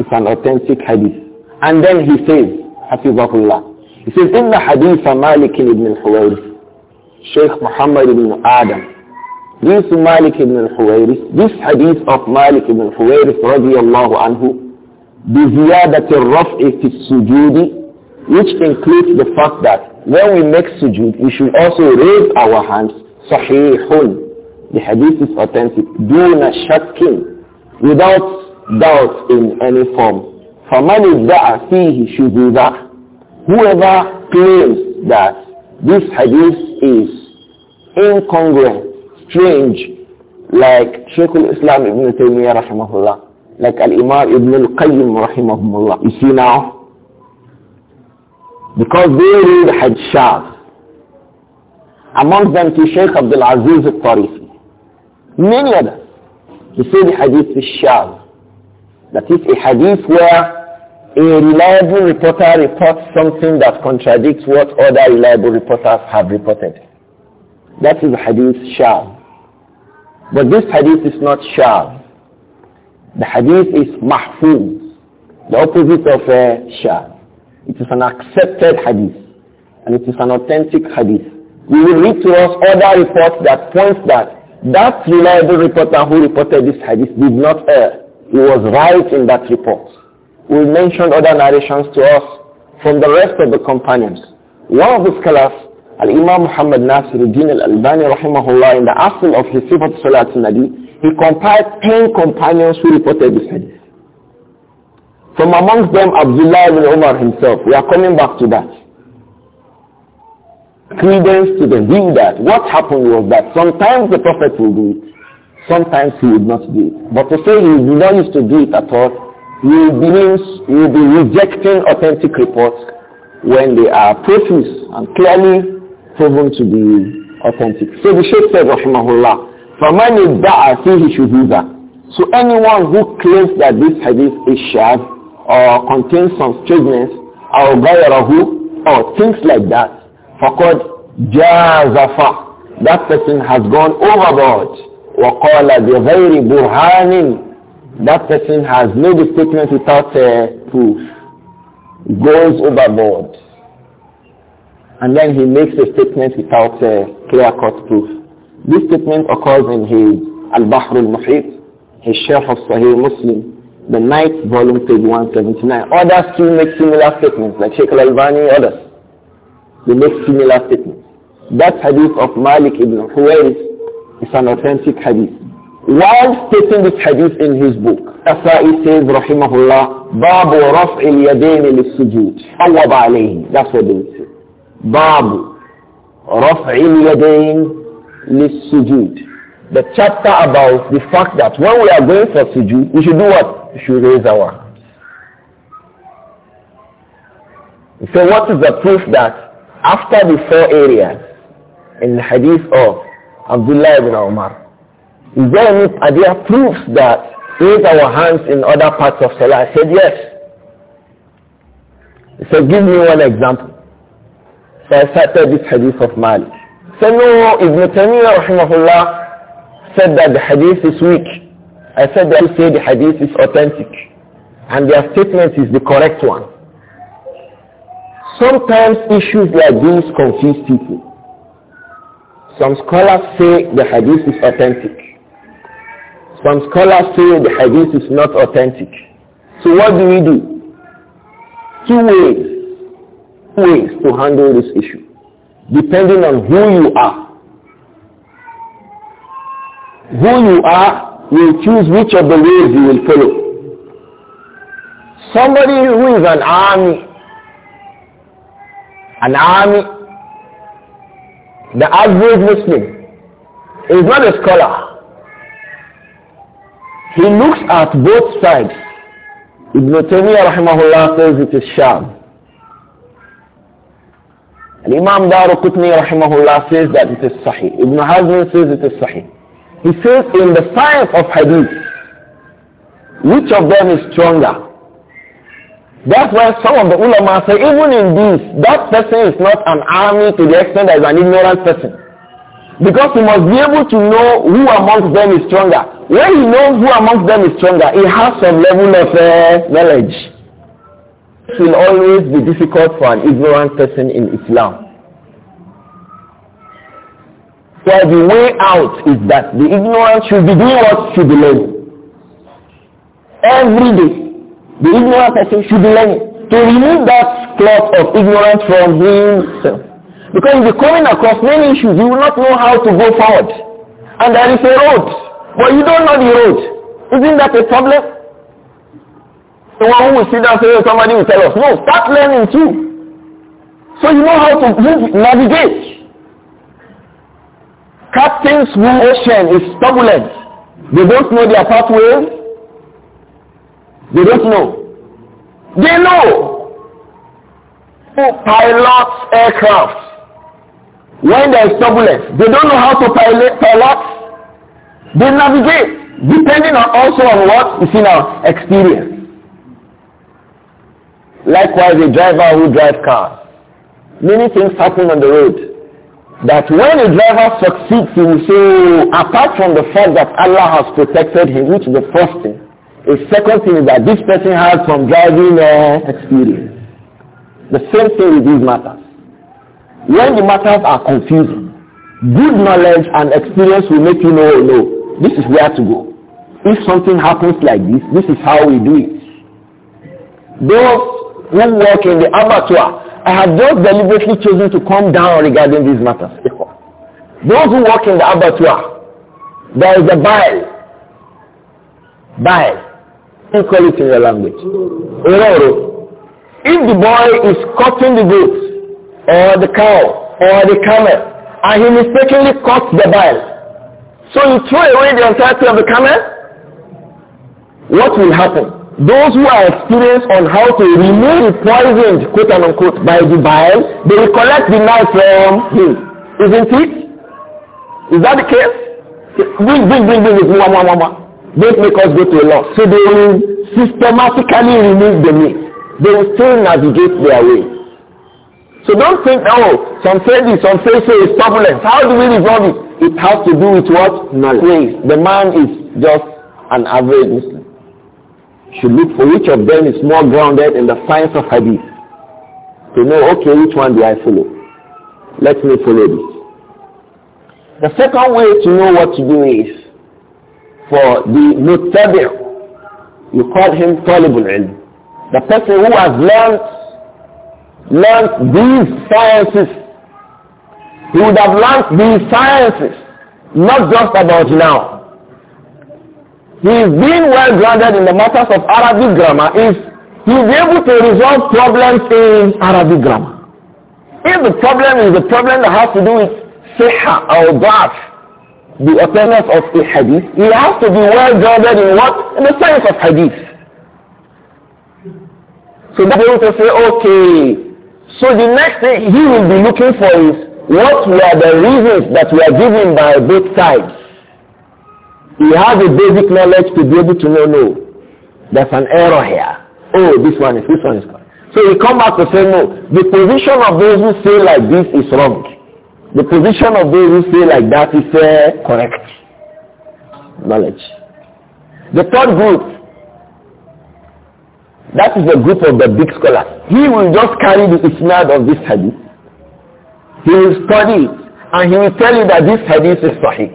is an authentic hadith. And then he says, Hafizahullah, he says, إِنَّ حَدِيثَ Malik ibn al-Huwairi Sheikh Muhammad ibn Adam this Malik ibn al-Huwairi, this hadith of Malik ibn al-Huwairi radiallahu anhu بزيادة الرفع في السجود which includes the fact that when we make sujud, we should also raise our hands sahihun the hadith is authentic دون شك without doubt in any form فمن ادعى فيه شذوذا whoever claims that this hadith is incongruent strange like Shaykh al-Islam Ibn Taymiyyah rahimahullah like Al-Imam Ibn Al-Qayyim rahimahumullah. You see now? Because they read Hajjaz. Among them to Shaykh Abdul Aziz al-Tarifi. Many others. He the Hadith al-Shaz. That is a hadith where a reliable reporter reports something that contradicts what other reliable reporters have reported. That is hadith shaz. But this hadith is not shaz. The hadith is mahfuz, the opposite of a uh, shah. It is an accepted hadith, and it is an authentic hadith. We will read to us other reports that points that that reliable reporter who reported this hadith did not err. He was right in that report. We mentioned other narrations to us from the rest of the companions. One of the scholars, Al-Imam Muhammad Nasiruddin Al-Albani rahimahullah in the Asl of his Sifat Salat Nadi, he compiled ten companions who reported this hadith. From amongst them, Abdullah ibn Umar himself. We are coming back to that. Credence to the view that what happened was that sometimes the Prophet will do it, sometimes he would not do it. But to say he did not used to do it at all, you will be rejecting authentic reports when they are profuse and clearly proven to be authentic. So the Shaykh said, Rahimahullah, he should do that. So anyone who claims that this hadith is shad or contains some strangeness or غَيْرَهُ or things like that, فَقَدْ جَازَفَ That person has gone overboard. وَقَالَ بِغَيْرِ بُرْهَانٍ That person has made a statement without uh, proof. Goes overboard. And then he makes a statement without uh, clear-cut proof. This statement occurs in his Al-Bahr al-Muhit, his Sheikh of Sahih Muslim, the ninth volume, page 179. Others too make similar statements, like Sheikh al-Albani, others. They make similar statements. That hadith of Malik ibn Huwais is an authentic hadith. While stating this hadith in his book, Asa'i says, Rahimahullah, Babu raf'il yadayn lil-sujud. Awwab That's what they say. Babu raf'il yadayn sujud. the chapter about the fact that when we are going for sujood, we should do what? We should raise our hands. So what is the proof that after the four areas in the hadith of Abdullah ibn Umar, is there any, are there proofs that raise our hands in other parts of Salah? I said yes. He said, give me one example. So I started this hadith of Malik. Said, no, Ibn Taymiyyah rahimahullah said that the hadith is weak. I said that you say the hadith is authentic. And their statement is the correct one. Sometimes issues like these confuse people. Some scholars say the hadith is authentic. Some scholars say the hadith is not authentic. So what do we do? Two ways, two ways to handle this issue depending on who you are. Who you are will choose which of the ways you will follow. Somebody who is an army, an army, the average Muslim, is not a scholar. He looks at both sides. Ibn Taymiyyah rahimahullah says it is sham. And Imam Daru Qutni rahimahullah says that it is sahih. Ibn Hazm says it is sahih. He says in the science of hadith, which of them is stronger? That's why some of the ulama say, even in this, that person is not an army to the extent that is an ignorant person. Because he must be able to know who amongst them is stronger. When he knows who amongst them is stronger, he has some level of uh, knowledge. It will always be difficult for an ignorant person in Islam. So the way out is that the ignorant should be doing what should be learning. Every day, the ignorant person should be learning to remove that cloth of ignorance from himself. Because you are coming across many issues, you will not know how to go forward. And there is a road, but you don't know the road. Isn't that a problem? The one who will sit down saying somebody will tell us. No, start learning too. So you know how to move, navigate. Captain's ocean is turbulent. They don't know their pathway. They don't know. They know. Oh, pilot aircraft. When there is turbulence, they don't know how to pilot. pilot. They navigate depending on also on what is in our experience. Likewise, a driver who drives cars. Many things happen on the road that when a driver succeeds in say apart from the fact that Allah has protected him, which is the first thing, a second thing is that this person has some driving uh, experience. The same thing with these matters. When the matters are confusing, good knowledge and experience will make you know, no, this is where to go. If something happens like this, this is how we do it. Those who work in the abattoir, I have just deliberately chosen to come down regarding these matters. Those who work in the abattoir, there is a bile. Bile. You call it in your language. If the boy is cutting the goat, or the cow, or the camel, and he mistakenly cuts the bile, so you throw away the entirety of the camel, what will happen? Those who are experienced on how to remove the poisoned, quote unquote, by the bile, they will collect the knife from him. Isn't it? Is that the case? Bring, bring, bring, bring it. Wah, wah, Don't make us go to a law So they will systematically remove the meat. They will still navigate their way. So don't think, oh, some say this, some say so, it's turbulence. How do we resolve it? It has to do with what? Knowledge. The man is just an average Muslim. should look for which of them is more grounded in the science of hadith. To know, okay, which one do I follow? Let me follow this. The second way to know what to do is for the muttabi' you call him talibul ilm. The person who has learned learned these sciences. He would have learned these sciences, not just about now. His being well grounded in the matters of Arabic grammar is he'll be able to resolve problems in Arabic grammar. If the problem is a problem that has to do with siha or da'af, the authenticity of a hadith, he has to be well grounded in what? In the science of hadith. So they'll be able to say, okay, so the next thing he will be looking for is what were the reasons that were given by both sides He has a basic knowledge to be able to know, no, there's an error here. Oh, this one is, this one is correct. So he come back to say, no, the position of those who say like this is wrong. The position of those who say like that is uh, correct. Knowledge. The third group, that is the group of the big scholars. He will just carry the isnad of this hadith. He will study it, and he will tell you that this hadith is sahih.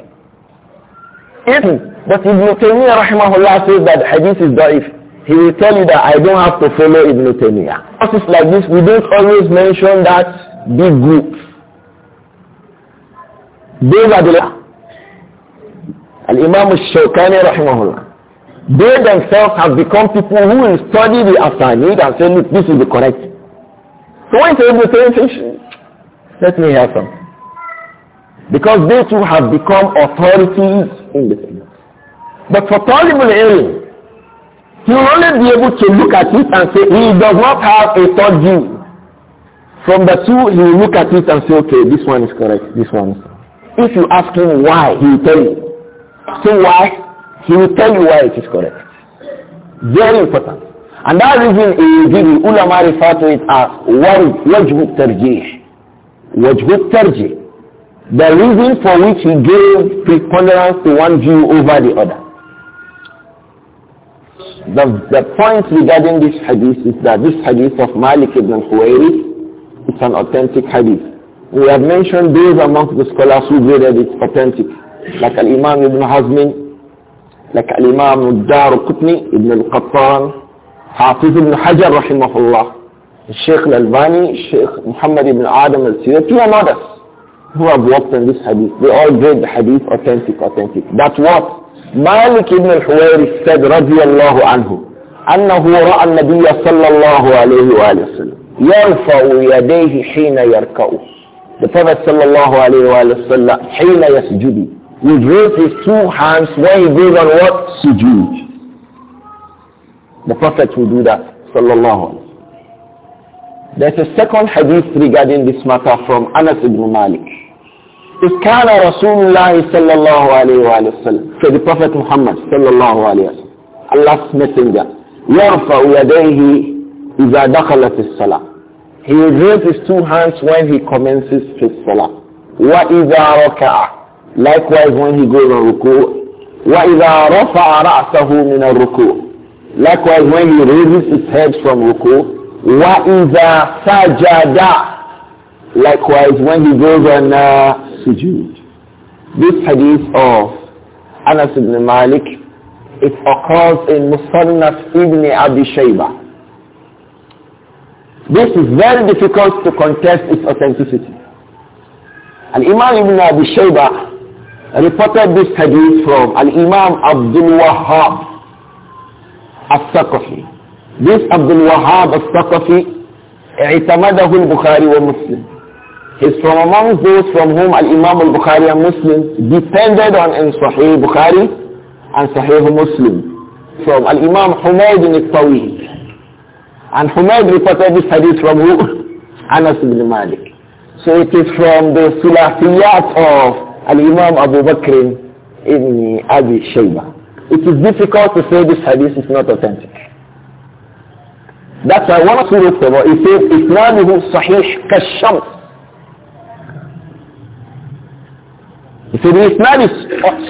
If but Ibn Taymiyyah rahimahullah says that hadith is da'if. He will tell you that I don't have to follow Ibn Taymiyyah. Cases like this, we don't always mention that big group. Those are the Al-Imam al-Shawkani rahimahullah. They themselves have become people who will study the asanid and say, look, this is the correct. So when Ibn Taymiyyah let me hear some. Because they too have become authorities in between. But for Talibul Ilm, he will only be able to look at it and say, he does not have a third view. From the two, he will look at it and say, okay, this one is correct, this one is correct. If you ask him why, he will tell you. So why? He will tell you why it is correct. Very important. And that reason is the ulama refer to it as wajhu tarjih. Wajhu tarjih. The reason for which he gave preponderance to one Jew over the other. The, the point regarding this hadith is that this hadith of Malik ibn Huwairi is an authentic hadith. We have mentioned those among the scholars who graded it authentic, like Al-Imam ibn Hazmin, like Al-Imam al-Dar Qutni ibn al-Qattan, Hafiz ibn Hajar rahimahullah, Sheikh al-Albani, Sheikh Muhammad ibn Adam al-Sirati and others who have worked on this hadith, they all grade the hadith authentic, authentic. That what? Malik ibn al-Huwairis said, radiyallahu anhu, أنه رأى النبي صلى الله عليه وآله وسلم يرفع يديه حين يركع. The Prophet صلى الله عليه وآله وسلم حين يسجد. He raised his two hands when he goes on what? Sujood. The Prophet will do that. صلى الله عليه There's a second hadith regarding this matter from Anas ibn Malik is kana Rasulullah sallallahu alayhi wa sallam. So the Prophet Muhammad sallallahu alayhi wa sallam, Allah's messenger, يَرْفَعُ يَدَيْهِ إِذَا دَخَلَتِ الصَّلَاةِ He raises his two hands when he commences his salah. وَإِذَا رَكَعَ Likewise when he goes on ruku. وَإِذَا رَفَعَ رَأْسَهُ مِنَ الرُّكُوعِ Likewise when he raises his head from ruku. وَإِذَا سَجَدَ Likewise when he goes on uh, sujood. This hadith of Anas ibn Malik, it occurs in Musannaf ibn Abi Shayba. This is very difficult to contest its authenticity. And Imam ibn Abi Shayba reported this hadith from Al-Imam Abdul Wahhab al saqafi This Abdul Wahhab al-Thaqafi اعتمده البخاري ومسلم is from among those from whom Al-Imam al-Bukhari and Muslim depended on in Sahih Bukhari and Sahih Muslim from Al-Imam Humayd ibn Tawil. And Humayd reported this hadith from who? Anas ibn Malik. So it is from the Sulafiyat of Al-Imam Abu Bakr ibn Abi Shayba. It is difficult to say this hadith is not authentic. That's why one of the books about it says, إِسْنَادِهُ Sahih كَالشَّمْسِ He said, it's not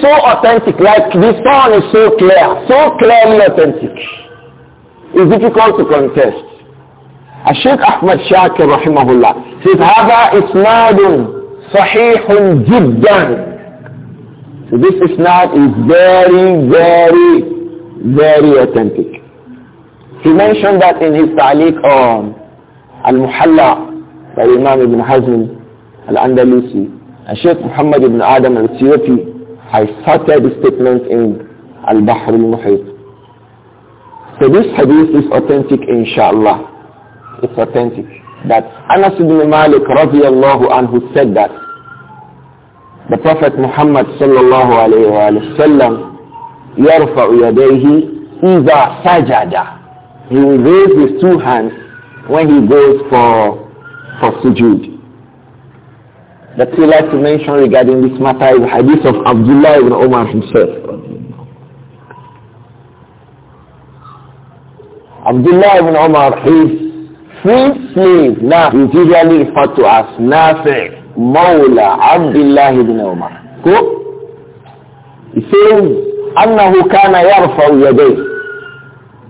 so authentic, like this sun is so clear, so clearly authentic. It's difficult to contest. الشيخ أحمد شاكر رحمه الله says هذا إسناد صحيح جدا So this isnad is very, very, very authentic. He mentioned that in his ta'liq on Al-Muhalla by Imam Ibn Hazm Al-Andalusi and Sheikh Muhammad ibn Adam al-Tiyopi has cited this statement in Al-Bahr al-Muhit. So this hadith is authentic inshallah. It's authentic. That Anas ibn Malik radiallahu anhu said that the Prophet Muhammad sallallahu alayhi wa sallam يرفع يديه إذا sajada. He will raise his two hands when he goes for, for sujood that we like to mention regarding this matter is hadith of Abdullah ibn Umar himself. Abdullah ibn Umar, his free slave now is usually referred to as Nafi Mawla Abdullah ibn Umar. Cool? He says, أنه كان يرفع يديه.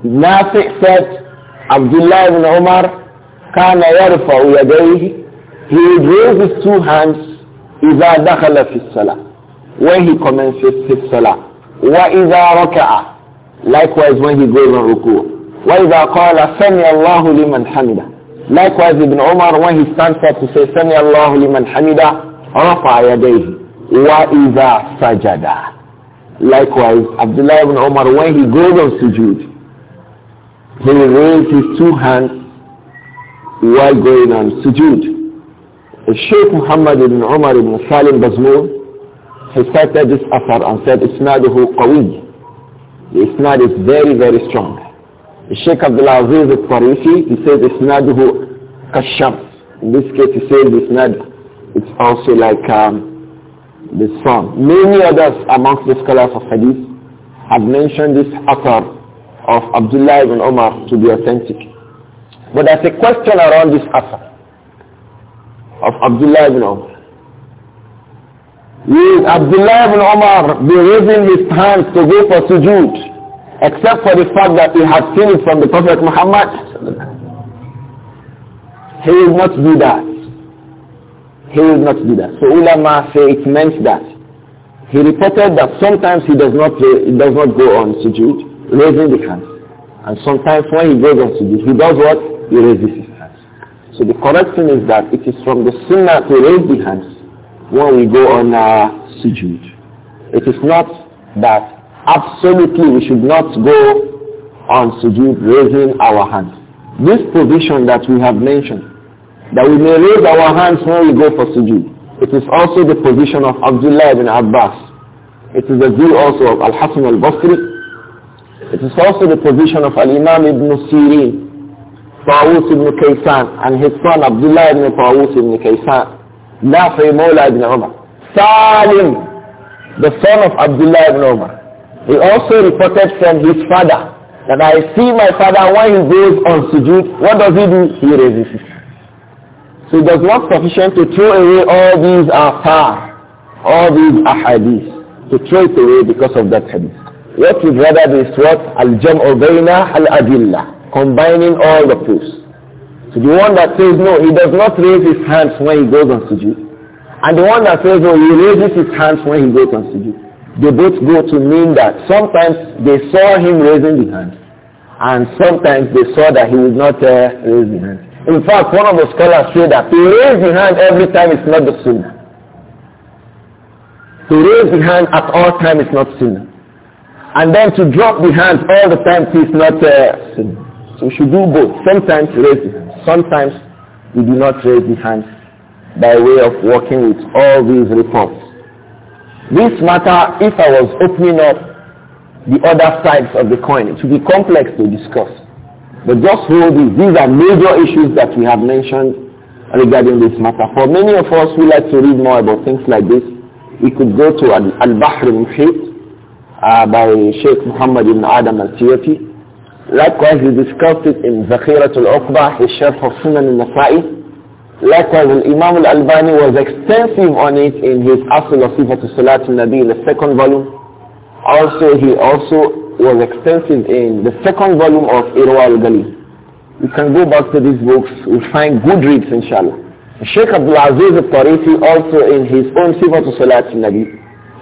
Nafi said, Abdullah ibn Umar كان يرفع يديه he would raise his two hands إِذَا دَخَلَ فِي الصَّلَةِ When he commences his salah. وَإِذَا رَكَعَ Likewise when he goes on ruku. وَإِذَا قَالَ سَمِعَ اللَّهُ لِمَنْ hamida. Likewise Ibn Umar when he stands up to say سَمِعَ اللَّهُ لِمَنْ حَمِدَهُ رَفَعَ يَدَيْهِ وَإِذَا سَجَدَ Likewise, Abdullah ibn Umar, when he goes on sujood, he raises his two hands while going on sujood. The Sheikh Muhammad ibn Umar ibn Salim Bazmoon, he cited this affair and said, Isnaduhu qawi. The isnad is very, very strong. The Sheikh Abdullah Aziz al-Tarifi, he says, Isnaduhu kashams. In this case, he says isnad, it's also like um, the sun. Many others amongst the scholars of hadith have mentioned this affair of Abdullah ibn Umar to be authentic. But there's a question around this affair of Abdullah ibn Umar. Will Abdullah ibn Umar be raising his hands to go for sujood except for the fact that he had seen it from the Prophet Muhammad? He will not do that. He will not do that. So ulama say it meant that. He reported that sometimes he does not, he does not go on sujood, raising the hands. And sometimes when he goes on sujood, he does what? He raises so the correct thing is that it is from the sunnah to raise the hands when we go on our uh, sujood. It is not that absolutely we should not go on sujood raising our hands. This provision that we have mentioned, that we may raise our hands when we go for sujood, it is also the position of Abdullah ibn Abbas. It is the view also of Al-Hasan al-Basri. It is also the position of Al-Imam ibn Sirin Tawus ibn Kaysan and his son Abdullah ibn Tawus ibn Kaysan. Nafi Mawla ibn Umar. Salim, the son of Abdullah ibn Umar. He also reported from his father that I see my father when he goes on sujood. What does he do? He raises So it was not sufficient to throw away all these afar, all these ahadith, to throw it away because of that hadith. What we'd rather do is what? Al-jam'u bayna al-adillah combining all the proofs. So the one that says no, he does not raise his hands when he goes on sujood. And the one that says no, he raises his hands when he goes on sujood. They both go to mean that sometimes they saw him raising the hand. And sometimes they saw that he would not uh, raise the hand. In fact, one of the scholars said that to raise the hand every time is not the sunnah. To raise the hand at all times is not sunnah. And then to drop the hand all the time is not uh, sunnah. We should do both. Sometimes raise, sometimes we do not raise the hands by way of working with all these reforms. This matter, if I was opening up the other sides of the coin, it would be complex to discuss. But just hold it. These are major issues that we have mentioned regarding this matter. For many of us who like to read more about things like this, we could go to Al-Bahr al-Muhit uh, by Sheikh Muhammad ibn Adam al Tiyati. Likewise, we discussed it in Zakhiratul al-Uqba, his Sharh of Sunan al-Nasa'i. Likewise, Imam al-Albani was extensive on it in his Asl of Sifat salat al-Nabi in the second volume. Also, he also was extensive in the second volume of Irwa al-Ghali. You can go back to these books, you will find good reads inshallah. Sheikh Abdul Aziz al-Tarifi also in his own Sifat al-Salat al-Nabi,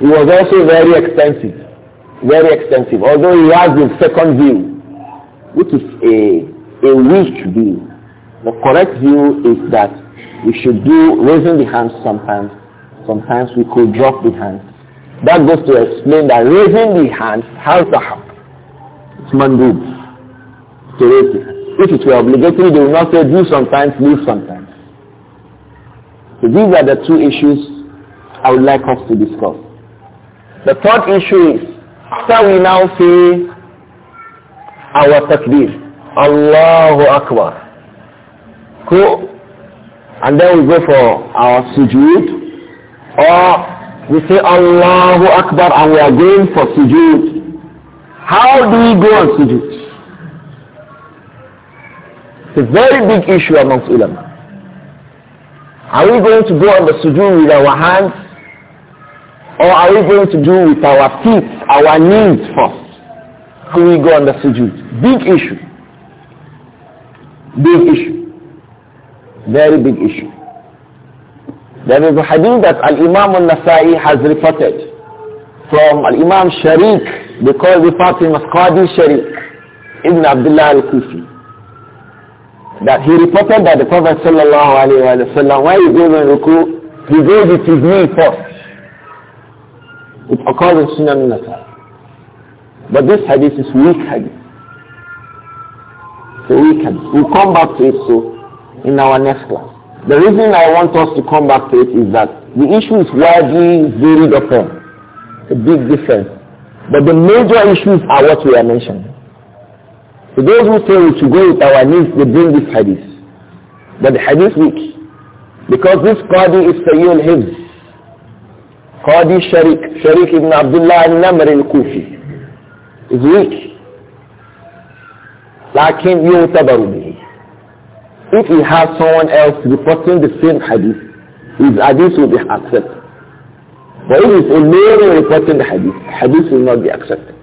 he was also very extensive, very extensive, although he has the second view which is a, a weak view. The correct view is that we should do raising the hands sometimes. Sometimes we could drop the hands. That goes to explain that raising the hands has the help. It's mandub to raise the hands. If it were obligatory, they would not say do sometimes, leave sometimes. So these are the two issues I would like us to discuss. The third issue is after we now say our takbir. Allahu Akbar. Cool. And then we go for our sujood. Or we say Allahu Akbar and we are going for sujood. How do we go on sujood? It's a very big issue amongst ulama. Are we going to go on the sujood with our hands? Or are we going to do with our feet, our knees first? do we go on the sujood? Big issue. Big issue. Very big issue. There is a hadith that Al-Imam al-Nasai has reported from Al-Imam Sharik. They call the him Masqadi Qadi Sharik, Ibn Abdullah al-Kufi that he reported that the Prophet sallallahu alaihi wasallam when he goes in ruku, he goes with his knee first. It occurs in Sunan Nasai. But this hadith is weak hadith. So we can we'll come back to it so in our next class. The reason I want us to come back to it is that the issue is widely varied upon. A big difference. But the major issues are what we are mentioning. So those who say we should go with our needs, they bring this hadith. But the hadith weak. Because this Qadi is Sayyul Hibs. Qadi Sharik, Sharik ibn Abdullah al-Namr al-Kufi is weak. لكن يعتبر به. If he has someone else reporting the same hadith, his hadith will be accepted. But if it's a male reporting the hadith, hadith will not be accepted.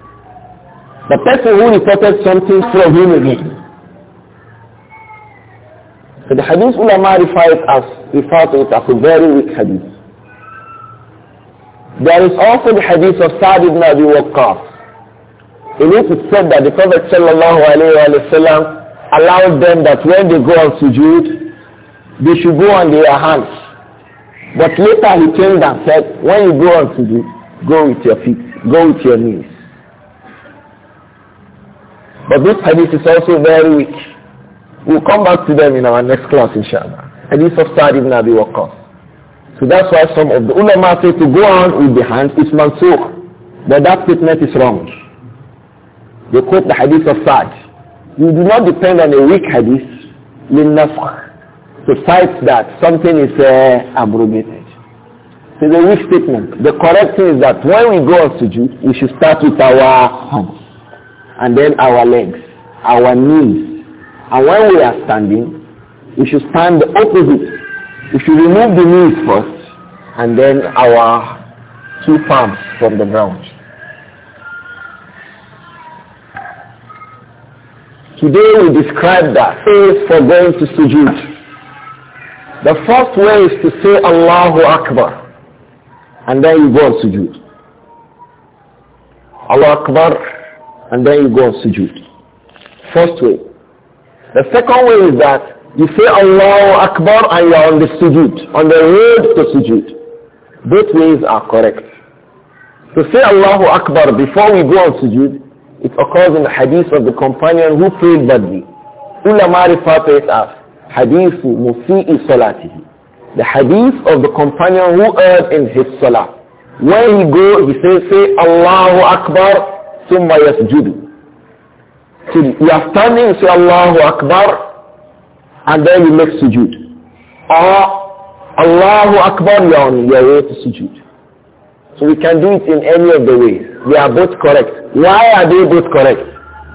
The person who reported something from him again. So the hadith ulama be it as, refer to it as a very weak hadith. There is also the hadith of Sa'd ibn Abi Waqqas. In it is said that the Prophet sallallahu alayhi wa sallam allowed them that when they go to Jude, they should go on their hands. But later he came and said, when you go on Jude, go with your feet, go with your knees. But this hadith is also very weak. We'll come back to them in our next class, inshallah. Hadith of Sa'd ibn Abi Waqqas. So that's why some of the ulama say to go on with the hands is mansukh. But that statement is wrong. They quote the hadith of Sa'd. You do not depend on a weak hadith, لِلنَّفْخ to fight that something is uh, abrogated. So the weak statement. The correct thing is that when we go on sujood, we should start with our hands and then our legs, our knees. And when we are standing, we should stand the opposite. We should remove the knees first and then our two palms from the ground. Today we describe that phase for going to sujood. The first way is to say Allahu Akbar and then you go on sujood. Allahu Akbar and then you go on sujood. First way. The second way is that you say Allahu Akbar and you are on the sujood, on the road to sujood. Both ways are correct. To say Allahu Akbar before we go on sujood it occurs in the hadith of the companion who prayed badly. Ulama refer to it as hadith mufi'i salatihi. The hadith of the companion who erred in his salah. When he go, he says, say, Allahu Akbar, summa yasjudu. So you are standing, say Allahu Akbar, and then you make sujood. Or Allahu Akbar, you are on your way to sujood. So we can do it in any of the ways. They are both correct. Why are they both correct?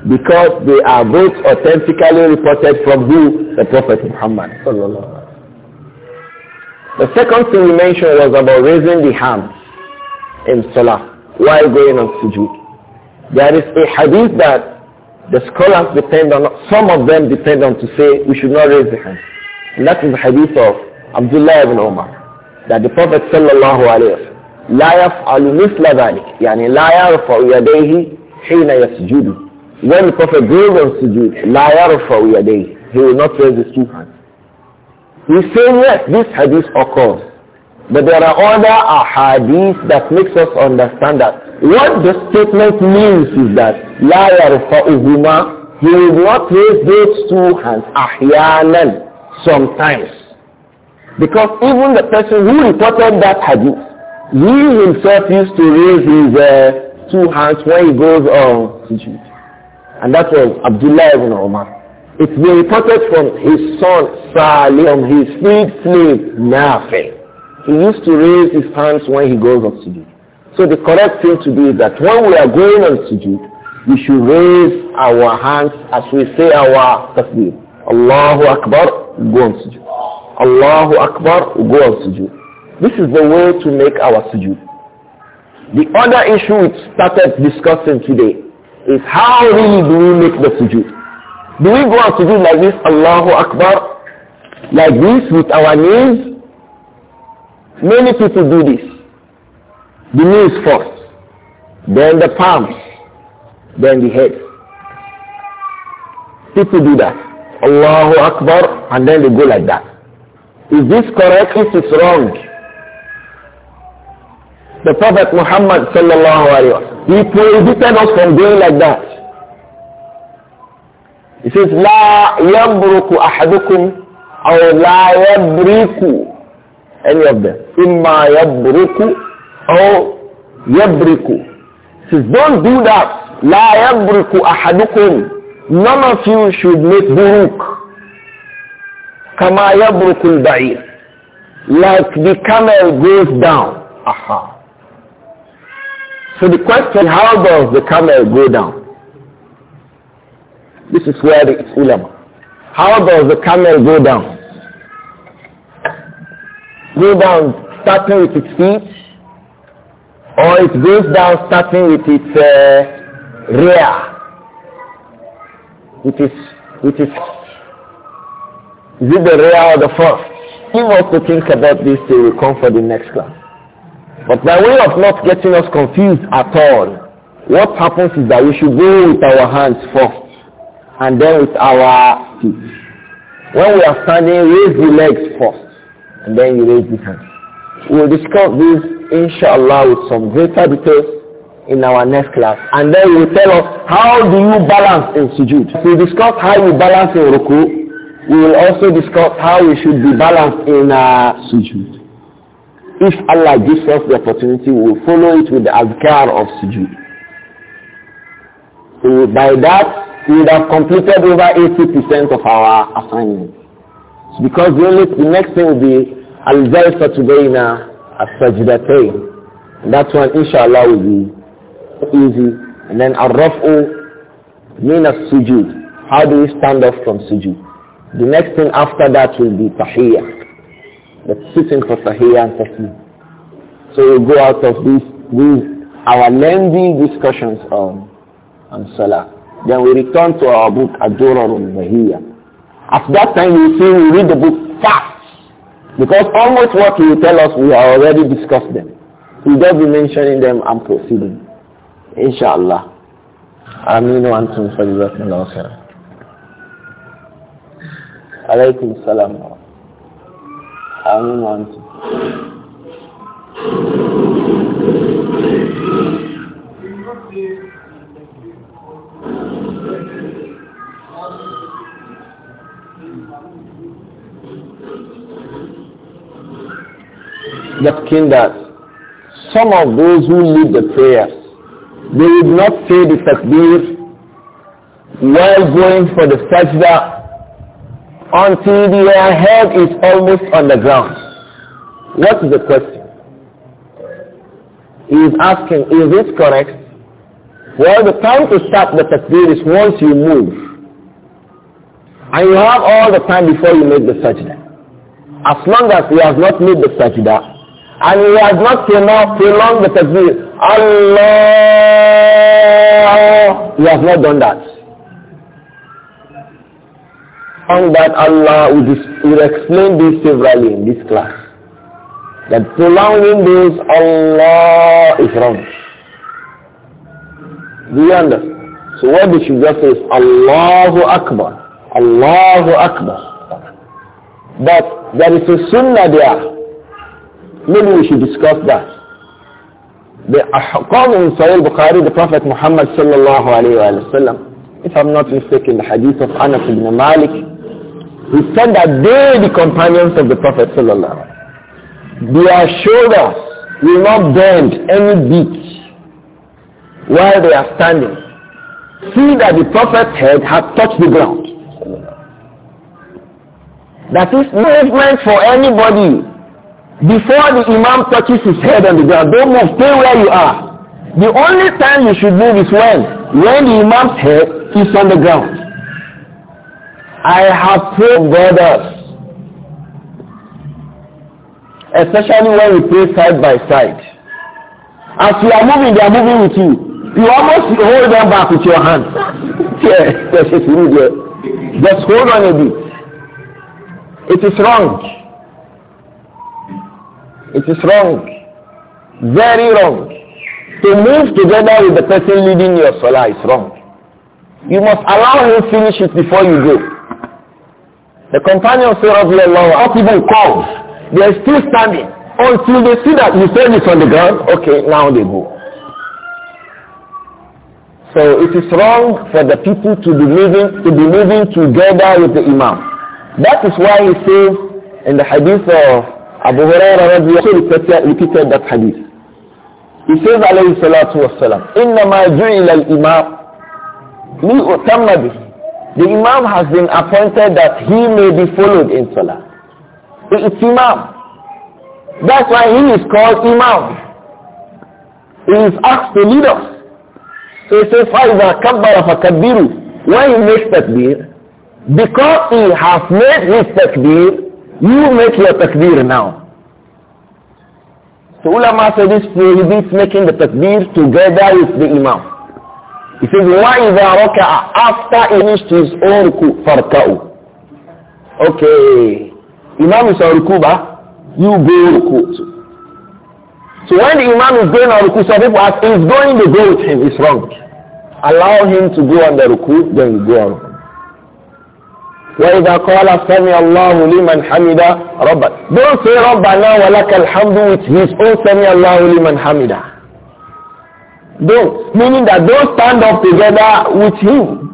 Because they are both authentically reported from who? The Prophet Muhammad. The second thing we mentioned was about raising the hands in Salah while going on sujood. There is a hadith that the scholars depend on, some of them depend on to say we should not raise the hands. And that is the hadith of Abdullah ibn Umar, that the Prophet sallallahu alayhi wa لا يفعل مثل ذلك يعني لا يرفع يديه حين يسجد when the prophet goes on sujood لا يرفع يديه he will not raise his two hands he's saying yes this hadith occurs but there are other ahadith that makes us understand that what the statement means is that لا يرفع يرفعهما he will not raise those two hands أحيانا sometimes because even the person who reported that hadith he himself used to raise his uh, two hands when he goes on sujood. And that was Abdullah ibn Umar. It's been reported from his son Salih, his freed slave Nafi. He used to raise his hands when he goes on sujood. So the correct thing to do is that when we are going on sujood, we should raise our hands as we say our tasbih. Allahu Akbar, go on sujood. Allahu Akbar, go on sujood. This is the way to make our sujood. The other issue we started discussing today is how really do we make the sujood? Do we go to do like this, Allahu Akbar, like this with our knees? Many people do this. The knees first, then the palms, then the head. People do that. Allahu Akbar, and then they go like that. Is this correct? It is wrong. The Prophet Muhammad sallallahu alayhi wa he prohibited us from doing like that. He says, La yabruku أحدكم أو لا يبرك any of them. i يبرك. going He says, don't do that. La yabruku أحدكم. None of you should make buruk. Kama yabruku al Like the camel goes down. Aha. So the question, how does the camel go down? This is where the ulama. How does the camel go down? Go down starting with its feet, or it goes down starting with its uh, rear, with its, with its, is it the rear or the first? Give us to think about this till we come for the next class. But by way of not getting us confused at all, what happens is that we should go with our hands first and then with our feet. When we are standing, raise the legs first and then you raise the hands. We will discuss this, inshallah, with some greater details in our next class. And then we will tell us how do you balance in sujood. We discuss how you balance in ruku. We will also discuss how we should be balanced in uh, sujood. if Allah gives us the opportunity, we will follow it with the azkar of sujood. So by that, we would have completed over 80% of our assignment. It's because the, only, the next thing will be al-zalfatu bayna as-sajdatayn. That one, inshallah, will be easy. And then al-raf'u min sujood sujud How do we stand off from sujood? The next thing after that will be tahiyyah. That's sitting for Sahih and Taslim. So we will go out of these, these, our lengthy discussions on, on Salah. Then we return to our book, Adorarun Bahiyya. At that time we see we read the book fast. Because almost what you tell us, we have already discussed them. we just be mentioning them and proceeding. Inshallah. آمين وأنتم فجزاكم الله خيرا عليكم السلام I don't want to. came that some of those who lead the prayers, they would not say the takbir while going for the sajda until their head is almost on the ground. What is the question? He is asking, is this correct? Well, the time to start the takbir is once you move. And you have all the time before you make the sajda. As long as you have not made the sajda, and you have not prolonged the takbir, Allah, you have not done that found that Allah will, will explain this severally in this class. That prolonging this Allah is wrong. Do you understand? So what they should just say is Allahu Akbar. Allahu Akbar. But there is a sunnah there. Maybe we should discuss that. The ahqam in Sahih Bukhari, the Prophet Muhammad sallallahu alayhi wa sallam, if I'm not mistaken, the hadith of Anas ibn Malik, he said that they, the companions of the Prophet sallallahu their shoulders will not bend any bit while they are standing. See that the Prophet's head has touched the ground. That is movement for anybody. Before the Imam touches his head on the ground, don't move, stay where you are. The only time you should move is when? When the Imam's head is on the ground. I have prayed brothers. Especially when we pray side by side. As you are moving, they are moving with you. You almost hold them back with your hand. Just hold on a bit. It is wrong. It is wrong. Very wrong. To move together with the person leading your salah is wrong. You must allow him finish it before you go. The companions say, Radiallahu, not even come. They are still standing until they see that you said it's on the ground. Okay, now they go. So it is wrong for the people to be living, to be living together with the Imam. That is why he says in the hadith of Abu Hurairah repeated that hadith. He says alayhi salatu wasalam, إِنَّمَا جُعِلَ الْإِمَامِ لِيُؤْتَمَّ بِهِ the Imam has been appointed that he may be followed in Salah. It's Imam. That's why he is called Imam. He is asked to lead us. So he says, فَإِذَا a فَكَبِّرُوا why you make takbir, because he has made his takbir, you make your takbir now. So ulama said this prohibits making the takbir together with the Imam. He says, "Why is that رَكَعَ After he reached his own ruku, فَرْكَعُ Okay. Imam is on ruku, You go ruku. So when the Imam is going on ruku, some people ask, is going to go with him? It's wrong. Allow him to go on the ruku, then you go on ruku. وإذا قال سمع الله لمن حمد ربنا don't say ربنا ولك الحمد with his own سمع الله لمن حمده Those, meaning that those stand up together with him.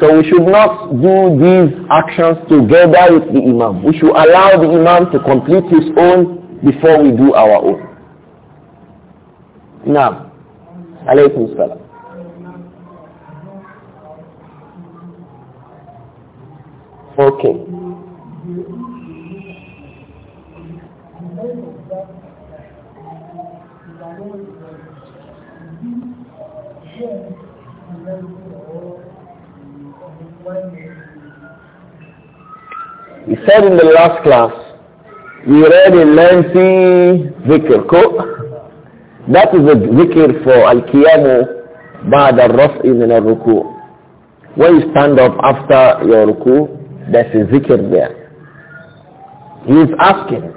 So we should not do these actions together with the Imam. We should allow the Imam to complete his own before we do our own. Now, alaykum salam. Okay. He said in the last class, we read a lengthy dhikr. That is a dhikr for al-qiyamu ba'd al-raf'i min al-ruku. When you stand up after your ruku, there's a dhikr there. He is asking,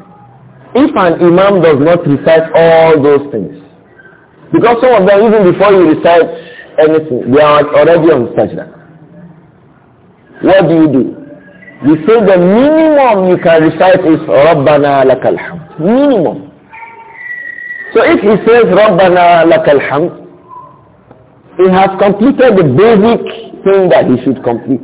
if an imam does not recite all those things, because some of them, even before you recite anything, they are already on sajda. What do you do? You say the minimum you can recite is Rabbana lakal hamd. Minimum. So if he says Rabbana lakal hamd, he has completed the basic thing that he should complete.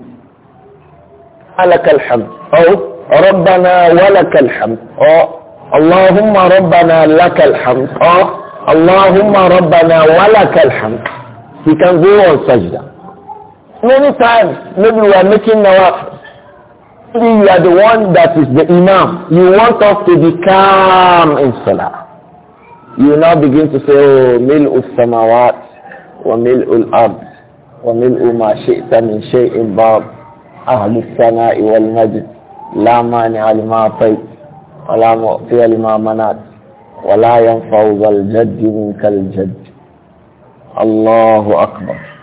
Lakal hamd. Or Rabbana walakal hamd. Or Allahumma Rabbana lakal hamd. Or Allahumma Rabbana walakal hamd. He can go on sajda. Many times, maybe we are making our you are the one that is the imam. You want us to be calm in salah. You now begin to say, oh, mil'u samawat wa mil'u ul ard wa mil'u ma shi'ta min shay'in bab ahlu sana'i wal majd la mani'a alima wa la mu'tiya lima manat wa la yanfa'u dhal min kal jaddi Allahu Akbar.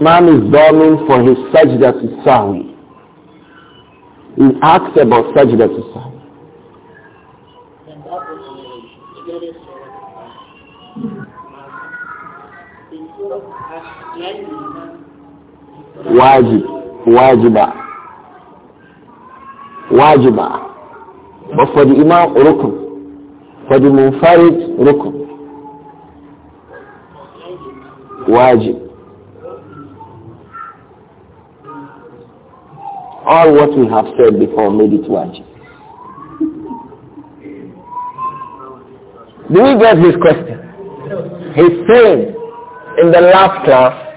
Man is burning for his sajda to sawi. He asks about sajda to sawi. Wajib, wajiba, wajiba. But for the imam, rukun. For the munfarid, rukun. wajib. All what we have said before made it wajib. Do we get this question? He's saying in the last class,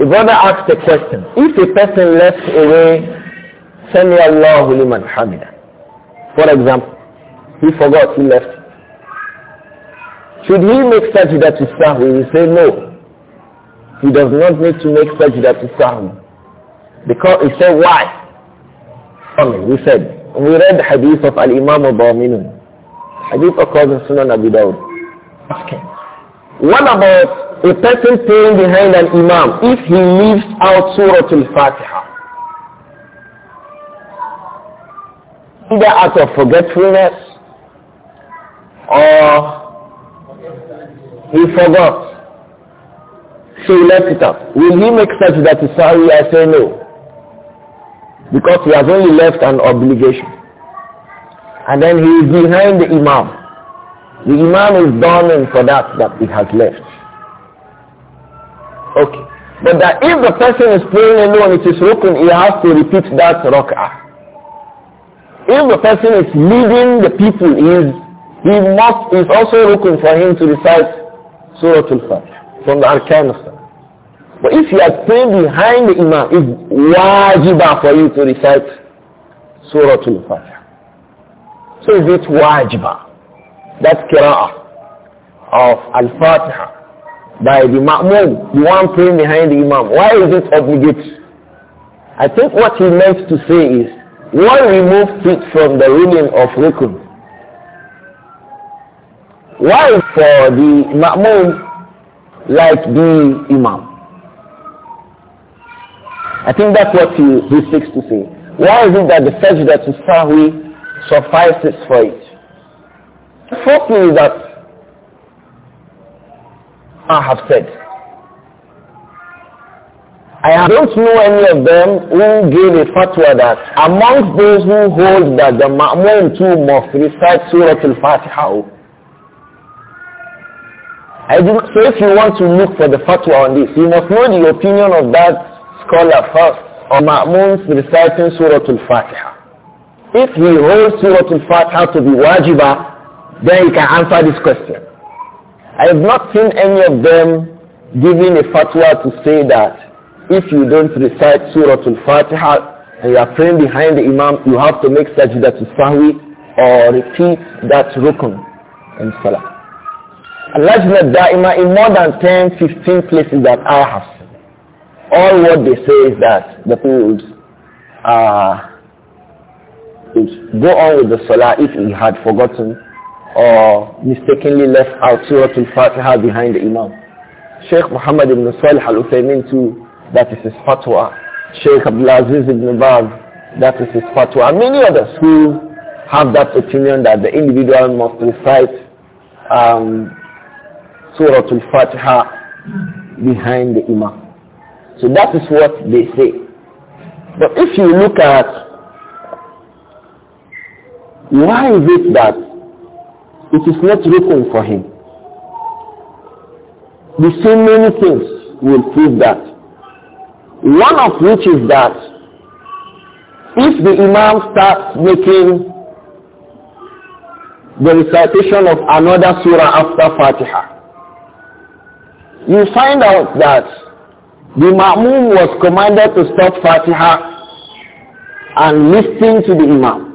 a brother asked a question. If a person left away, Sami Allahu liman hamida. For example, he forgot he left. Should he make such a to start? We will say no he does not need to make sajda to sahwi. Because he said why? we said, we read the hadith of Al-Imam al-Baminun. Hadith occurs in Sunan Abu Dawud. Okay. What about a person praying behind an imam if he leaves out Surah Al-Fatiha? Either out of forgetfulness or he forgot. So he left it out. Will he make such that it's sorry? I say no. Because he has only left an obligation. And then he is behind the imam. The imam is dormant for that that he has left. Okay. But that if the person is praying alone, it is rukun, he has to repeat that rak'ah. If the person is leading the people, he, is, he must, is also rukun for him to recite Surah Al-Fatiha from the Arkan but if you are staying behind the imam, it's wajiba for you to recite Surah Al-Fatiha. So is it wajiba. That's qira'ah of Al-Fatiha by the ma'mum, the one praying behind the imam. Why is it obligatory? I think what he meant to say is, one remove it from the ruling of rukun. Why for the ma'mum like the imam? I think that's what he, he seeks to say. Why is it that the sajda that is sahwi suffices for it? Firstly is that I have said. I don't know any of them who gave a fatwa that amongst those who hold that the Ma'mun too must recite Surah Al-Fatiha. I do, so if you want to look for the fatwa on this, you must know the opinion of that scholar first or Ma'mun's reciting Surah Al-Fatiha. If he holds Surah Al-Fatiha to be wajiba, then he can answer this question. I have not seen any of them giving a fatwa to say that if you don't recite Surah Al-Fatiha and you are praying behind the Imam, you have to make sajda to sahwi or repeat that rukun in salah. Al-Lajna Da'ima in more than 10, 15 places that I have all what they say is that the people would, uh, would go on with the salah if he had forgotten or mistakenly left out Surah Al-Fatiha behind the Imam. Sheikh Muhammad ibn Salih al-Uthaymin too, that is his fatwa. Sheikh Abdulaziz ibn Baz, that is his fatwa. And many others who have that opinion that the individual must recite um, Surah Al-Fatiha behind the Imam. So that is what they say. But if you look at why is it that it is not written for him? The see many things will prove that. One of which is that if the imam starts making the recitation of another surah after Fatiha, you find out that the Ma'mum was commanded to stop Fatiha and listen to the Imam.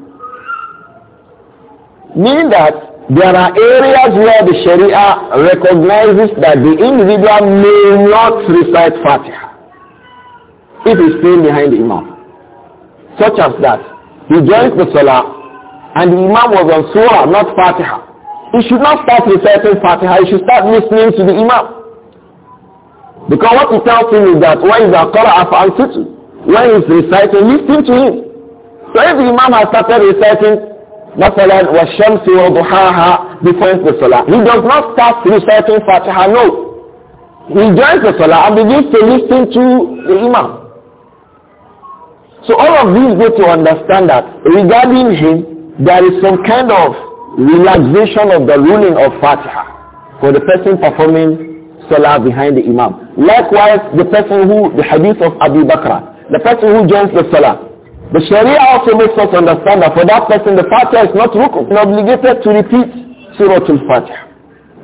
Meaning that there are areas where the Sharia recognizes that the individual may not recite Fatiha if he's staying behind the Imam. Such as that, he joins the Salah and the Imam was on Surah, not Fatiha. He should not start reciting Fatiha, he should start listening to the Imam. Because what he tells him is that when the Qur'an al-Situ, when he's reciting, listen to him. So if the Imam has started reciting مثلا والشمس وضحاها before the Salah, he does not start reciting Fatiha, no. He joins the Salah and begins to listen to the Imam. So all of these go to understand that regarding him, there is some kind of relaxation of the ruling of Fatiha for the person performing Salah behind the Imam. Likewise, the person who, the hadith of Abu Bakr, the person who joins the salah. The Sharia also makes us understand that for that person, the Fatiha is not rukun, obligated to repeat Surah Al-Fatiha.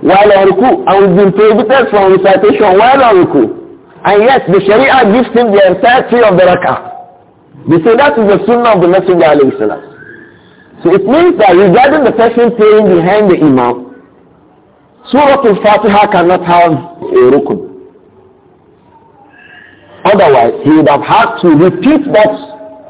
While on ruku, and we've been prohibited from recitation while on ruku. And yet, the Sharia gives him the entirety of the rakah. They say that is the sunnah of the Messenger alayhi salam. So it means that regarding the person praying behind the Imam, Surah Al-Fatiha cannot have a rukun. Otherwise, he would have had to repeat that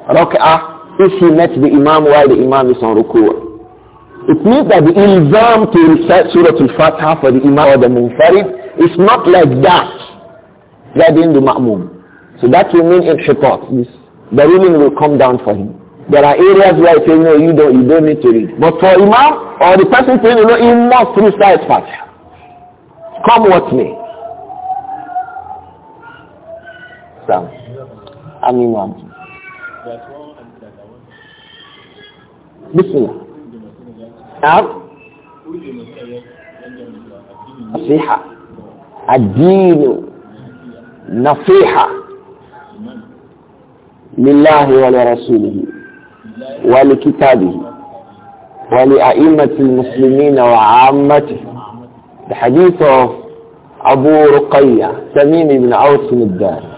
rak'ah if he met the imam while the imam is on ruku'ah. It means that the ilzam to recite Surah Al-Fatiha for the imam or the munfarid is not like that regarding the ma'mum. So that will mean in inshitat. The ruling will come down for him. There are areas where you say, no, you don't, you don't need to read. But for imam or the person saying, no, he must recite Fatiha. Come with me. الإسلام Amin wa amin. Bismillah. Na'am. Nasiha. ad لله ولرسوله ولكتابه ولأئمة المسلمين وعامته بحديث أبو رقية تميم بن عوف الدار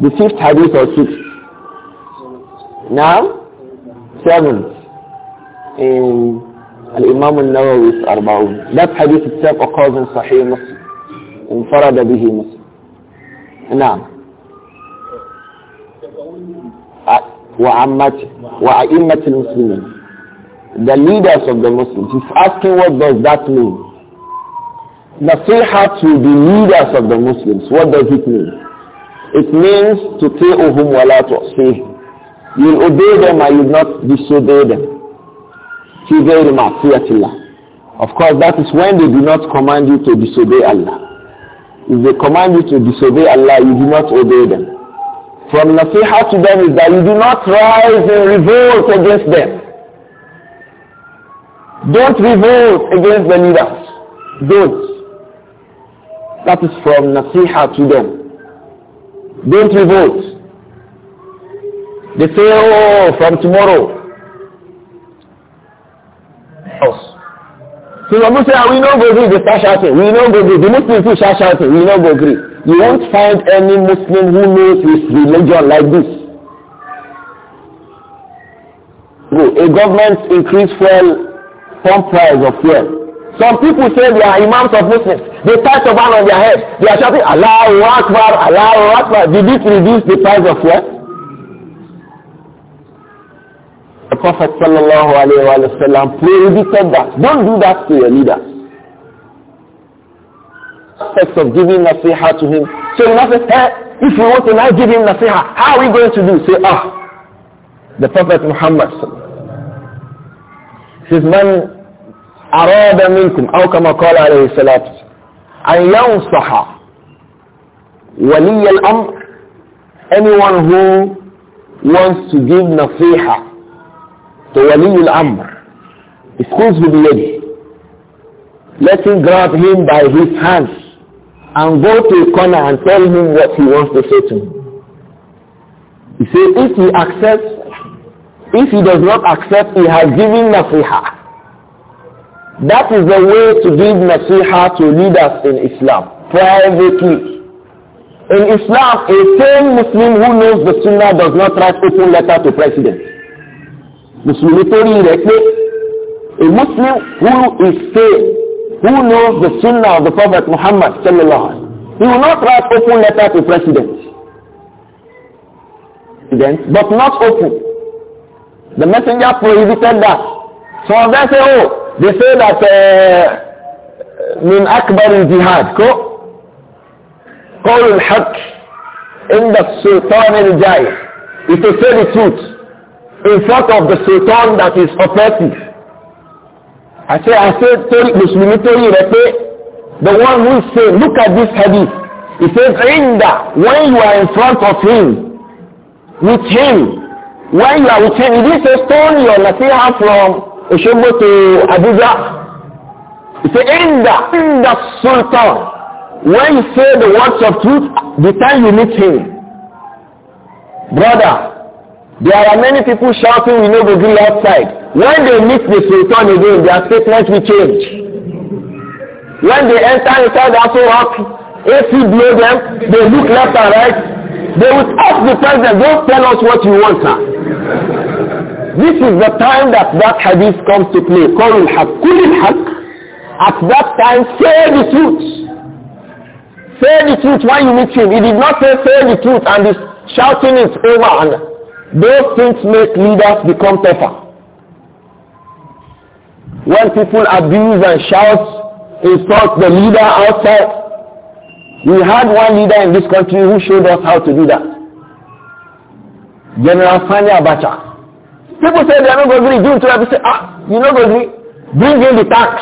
The fifth hadith or sixth? Now? Seventh. In Al-Imam al-Nawawi's Arba'un. That hadith itself occurs in Sahih Muslim. In Farada bihi Muslim. Now. وعمت وعئمة المسلمين the leaders of the Muslims. He's asking what does that mean? Nasiha to the leaders of the Muslims, what does it mean? It means to تُطِيعُهُمْ وَلَا تُعْصِيهِمْ You'll obey them and you'll not disobey them. في غير of course, that is when they do not command you to disobey Allah. If they command you to disobey Allah, you do not obey them. From nasiha to them is that you do not rise in revolt against them. Don't revolt against the leaders. Don't. That is from nasiha to them. Don't revolt. They say, oh, from tomorrow. Us. So your say, we no go agree, they start shouting. We no go agree. The Muslims too start shouting. We no go agree. You won't find any Muslim who knows his religion like this. A government increase fuel, pump price of fuel. Some people say they are imams of Muslims. They tie turban on their head. They are shouting, Allahu Akbar, Allahu Akbar. Did this reduce the price of what? The Prophet sallallahu alayhi wa sallam prohibited that. Don't do that to your leader. Aspects of giving nasiha to him. So the Prophet said, if you want to now give him nasiha, how are we going to do? Say, ah, the Prophet Muhammad says, man أراد منكم أو كما قال عليه الصلاة أن ينصح ولي الأمر anyone who wants to give نصيحة to ولي الأمر excuse بيده let him grab him by his hands and go to a corner and tell him what he wants to say to him he said if he accepts if he does not accept he has given nasiha that is the way to give nasiha to leaders in Islam, privately. In Islam, a sane Muslim who knows the Sunnah does not write open letter to president. Muslim tó rí rẹ̀ a Muslim who is sane, who knows the Sunnah of the Prophet Muhammad sallallahu alaihi wasallam, he will not write open letter to president. President, but not open. The messenger prohibited that. So they say, oh, they say that من أكبر الجهاد كو قول الحق عند السلطان الجائر If you say the truth in front of the sultan that is oppressive. I say, I say, tell Muslimi, tell you that eh, the one who say, look at this hadith. He says, Inda, when you are in front of him, with him, when you are with him, he didn't say, stone your nasiha from Òṣogbo to Abuja. He said, Inda, Inda Sultan, when you say the words of truth, the time you meet him. Brother, there are many people shouting, we know the grill outside. When they meet the Sultan again, their statement will change. When they enter inside the Aso Rock, AC blow them, they look left and right. They will ask the president, don't tell us what you want, sir. This is the time that that hadith comes to play. Qawlul haq. Qulil haq. At that time, say the truth. Say the truth Why you meet him. He did not say say the truth and is shouting it over and those things make leaders become tougher. When people abuse and shout, insult the leader outside, we had one leader in this country who showed us how to do that. General Sani Abacha. People say they are not going to agree. Give to them. say, ah, you're not going to agree. Bring in the tax.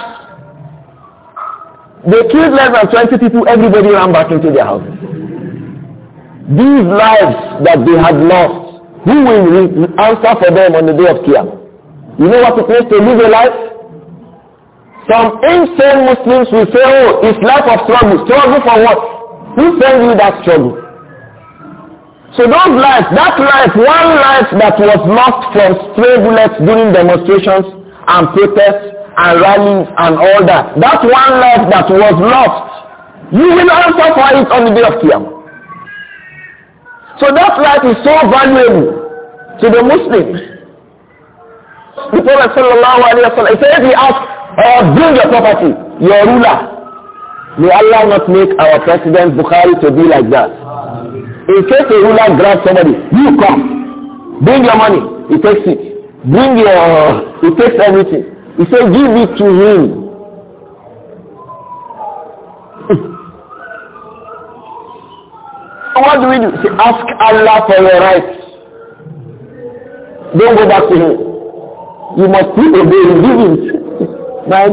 They killed less than 20 people. Everybody ran back into their house. These lives that they had lost, who will answer for them on the day of Qiyamah? You know what it means to live a life? Some insane Muslims will say, oh, it's life of struggle. Struggle for what? Who sent you that struggle? So those lives, that life, one life that was lost from stray bullets during demonstrations and protests and rallies and all that, that one life that was lost, you will answer for it on the day of Qiyam. So that life is so valuable to the Muslims. The Prophet sallallahu alayhi wa sallam, said he asked, oh, bring your property, your ruler. May Allah not make our President Bukhari to be like that. In case a ruler grabs somebody, you come. Bring your money. He takes it. Bring your, he takes everything. He says, give it to him. what do we do? Say, ask Allah for your rights. Don't go back to him. You must keep obeying. Give it. Now,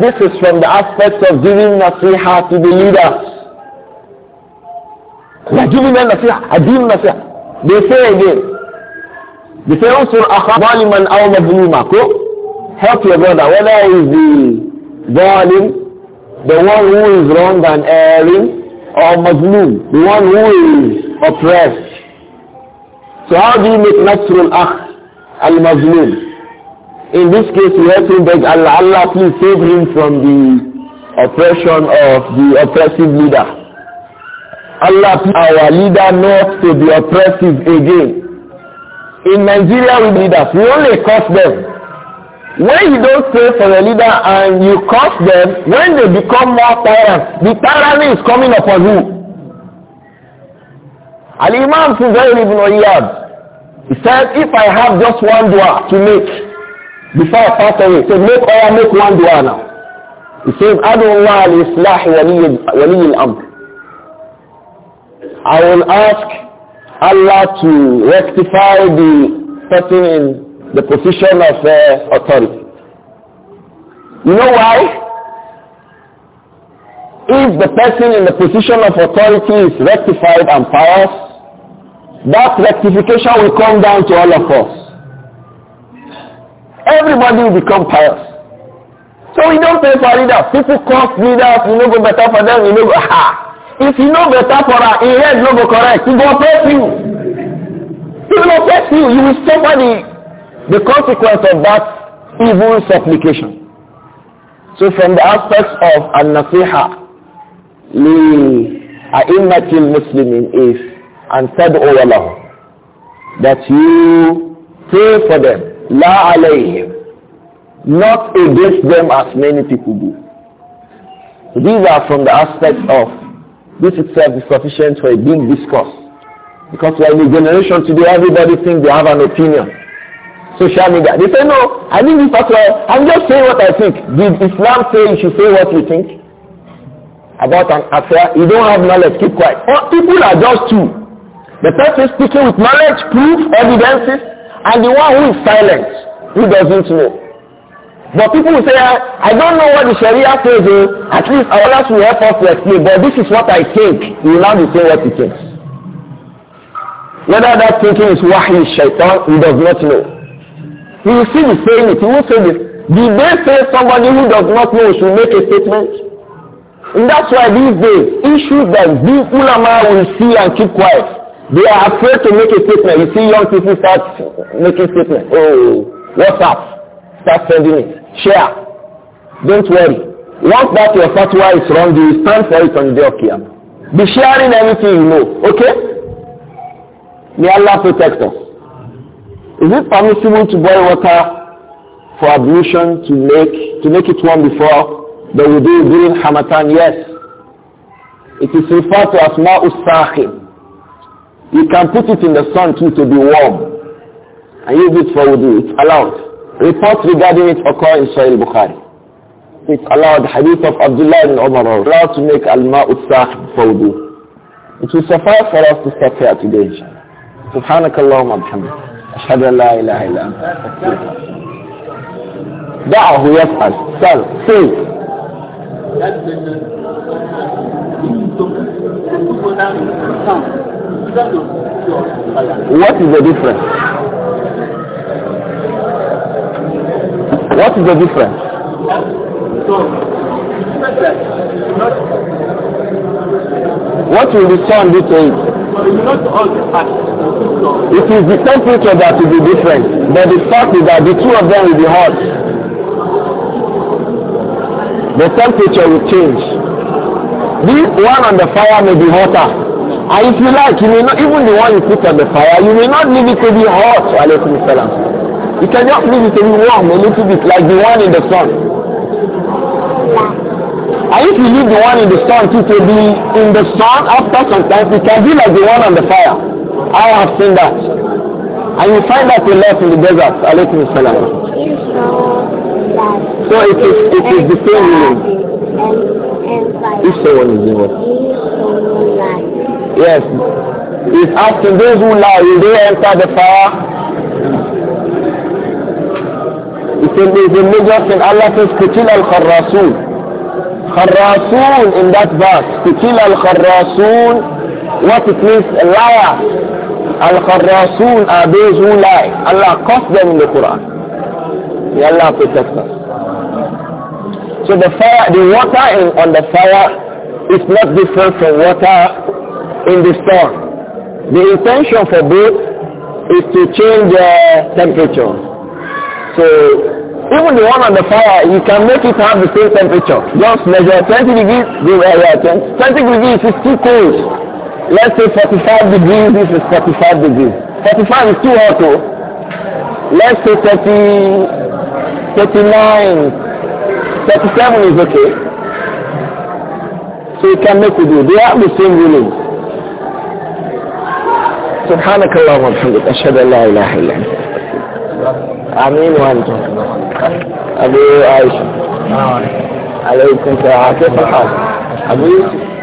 This is from the aspect of giving nasiha to the leaders. يعجبنا النصيحة أدين النصيحة they say again they say انصر أخا ظالما أو مظلوما help your brother whether he is the ظالم the one who is wrong and erring or mazlum the one who is oppressed so how do you make natural akh al-mazlum in this case we have to beg Allah, Allah please save him from the oppression of the oppressive leader. Allah our leader not to be oppressive again. In Nigeria need leaders, we only curse them. When you don't pray for your leader and you curse them, when they become more tyrant, the tyranny is coming upon you. Al-Imam Fuzail ibn Iyad, he said, if I have just one dua to make before I pass away, so make all make one dua now. He says, أدعو الله لإصلاح al Amr. I will ask Allah to rectify the person in the position of uh, authority. You know why? If the person in the position of authority is rectified and pious, that rectification will come down to all of us. Everybody will become pious. So we don't pay for leaders. People cost leaders, you know, go better for them, you know, ha. If you know better for her, in head no correct. He will oppress you. He will oppress you. You will suffer the, the consequence of that evil supplication. So from the aspects of al-nasiha li a'immatil muslimin is and tad'u lahum that you pray for them la alayhim not against them as many people do. These are from the aspects of This itself is sufficient for a big discourse. Because we're in the generation today, everybody thinks they have an opinion. Social media. They say, no, I didn't mean fatwa. I'm just saying what I think. Did Islam say you should say what you think? About an affair, you don't have knowledge, keep quiet. Or people are just two. The person speaking with knowledge, proof, evidences, and the one who is silent, who doesn't know. But people will say, I, don't know what the Sharia says, eh? at least our Allah will help us to explain, but this is what I think. He will now be saying what he think. Whether that thinking is wahi shaitan, he does not know. He will still be saying it, he will say this. Did they say somebody who does not know should make a statement? And that's why these days, issues that big ulama will see and keep quiet, they are afraid to make a statement. You see young people start making statements. Oh, what's up? start sending it. Share. Don't worry. Once that your fatwa is wrong, you stand for it on the day of Be sharing everything you know. Okay? May Allah protect us. Is it permissible to boil water for ablution to make to make it warm before the wudu during Hamatan? Yes. It is referred to as ma'us sakhim. You can put it in the sun too to be warm and use it for wudu. It's allowed. Reports regarding it occur in Sahih Bukhari. It allowed hadith of Abdullah ibn Umar allowed to make al-ma'u sahib fawdu. It will suffice for us to stop here today inshallah. سبحانك اللهم وبحمدك أشهد أن لا إله إلا أنت دعه يسأل سأل سي What is the difference? What is the difference? What will the sun do to it? It is the temperature that will be different, but the fact is that the two of them will be hot. The temperature will change. This one on the fire may be hotter. And if you like, you may not, even the one you put on the fire, you may not leave it to be hot. You can just leave it to be warm a little bit, like the one in the sun. And if you leave the one in the sun too to be in the sun after some time, it can be like the one on the fire. I have seen that. And you find that a lot in the desert. Alaykum salam. So it is, it is the same meaning. Yes. it's asking those who lie, will they enter the fire? He said there is a major sin. Allah says, Kutil al-Kharrasun. Kharrasun in that verse. Kutil al-Kharrasun. What it means, liar. Al-Kharrasun are those who lie. Allah cursed them in the Quran. May Allah protect us. So the fire, the water in, on the fire is not different from water in the storm. The intention for both is to change the uh, temperature. So even the one on the fire, you can make it have the same temperature. Just measure 20 degrees, give uh, yeah, 20, degrees is too cold. Let's say 45 degrees, this is 45 degrees. 45 is too hot though. Let's say 30, 39, 37 is okay. So you can make it do. Oh. They have the same ruling. سبحانك اللهم وبحمدك أشهد أن لا إله امين وانتم ابي عائشه عليكم كيف الحال ابي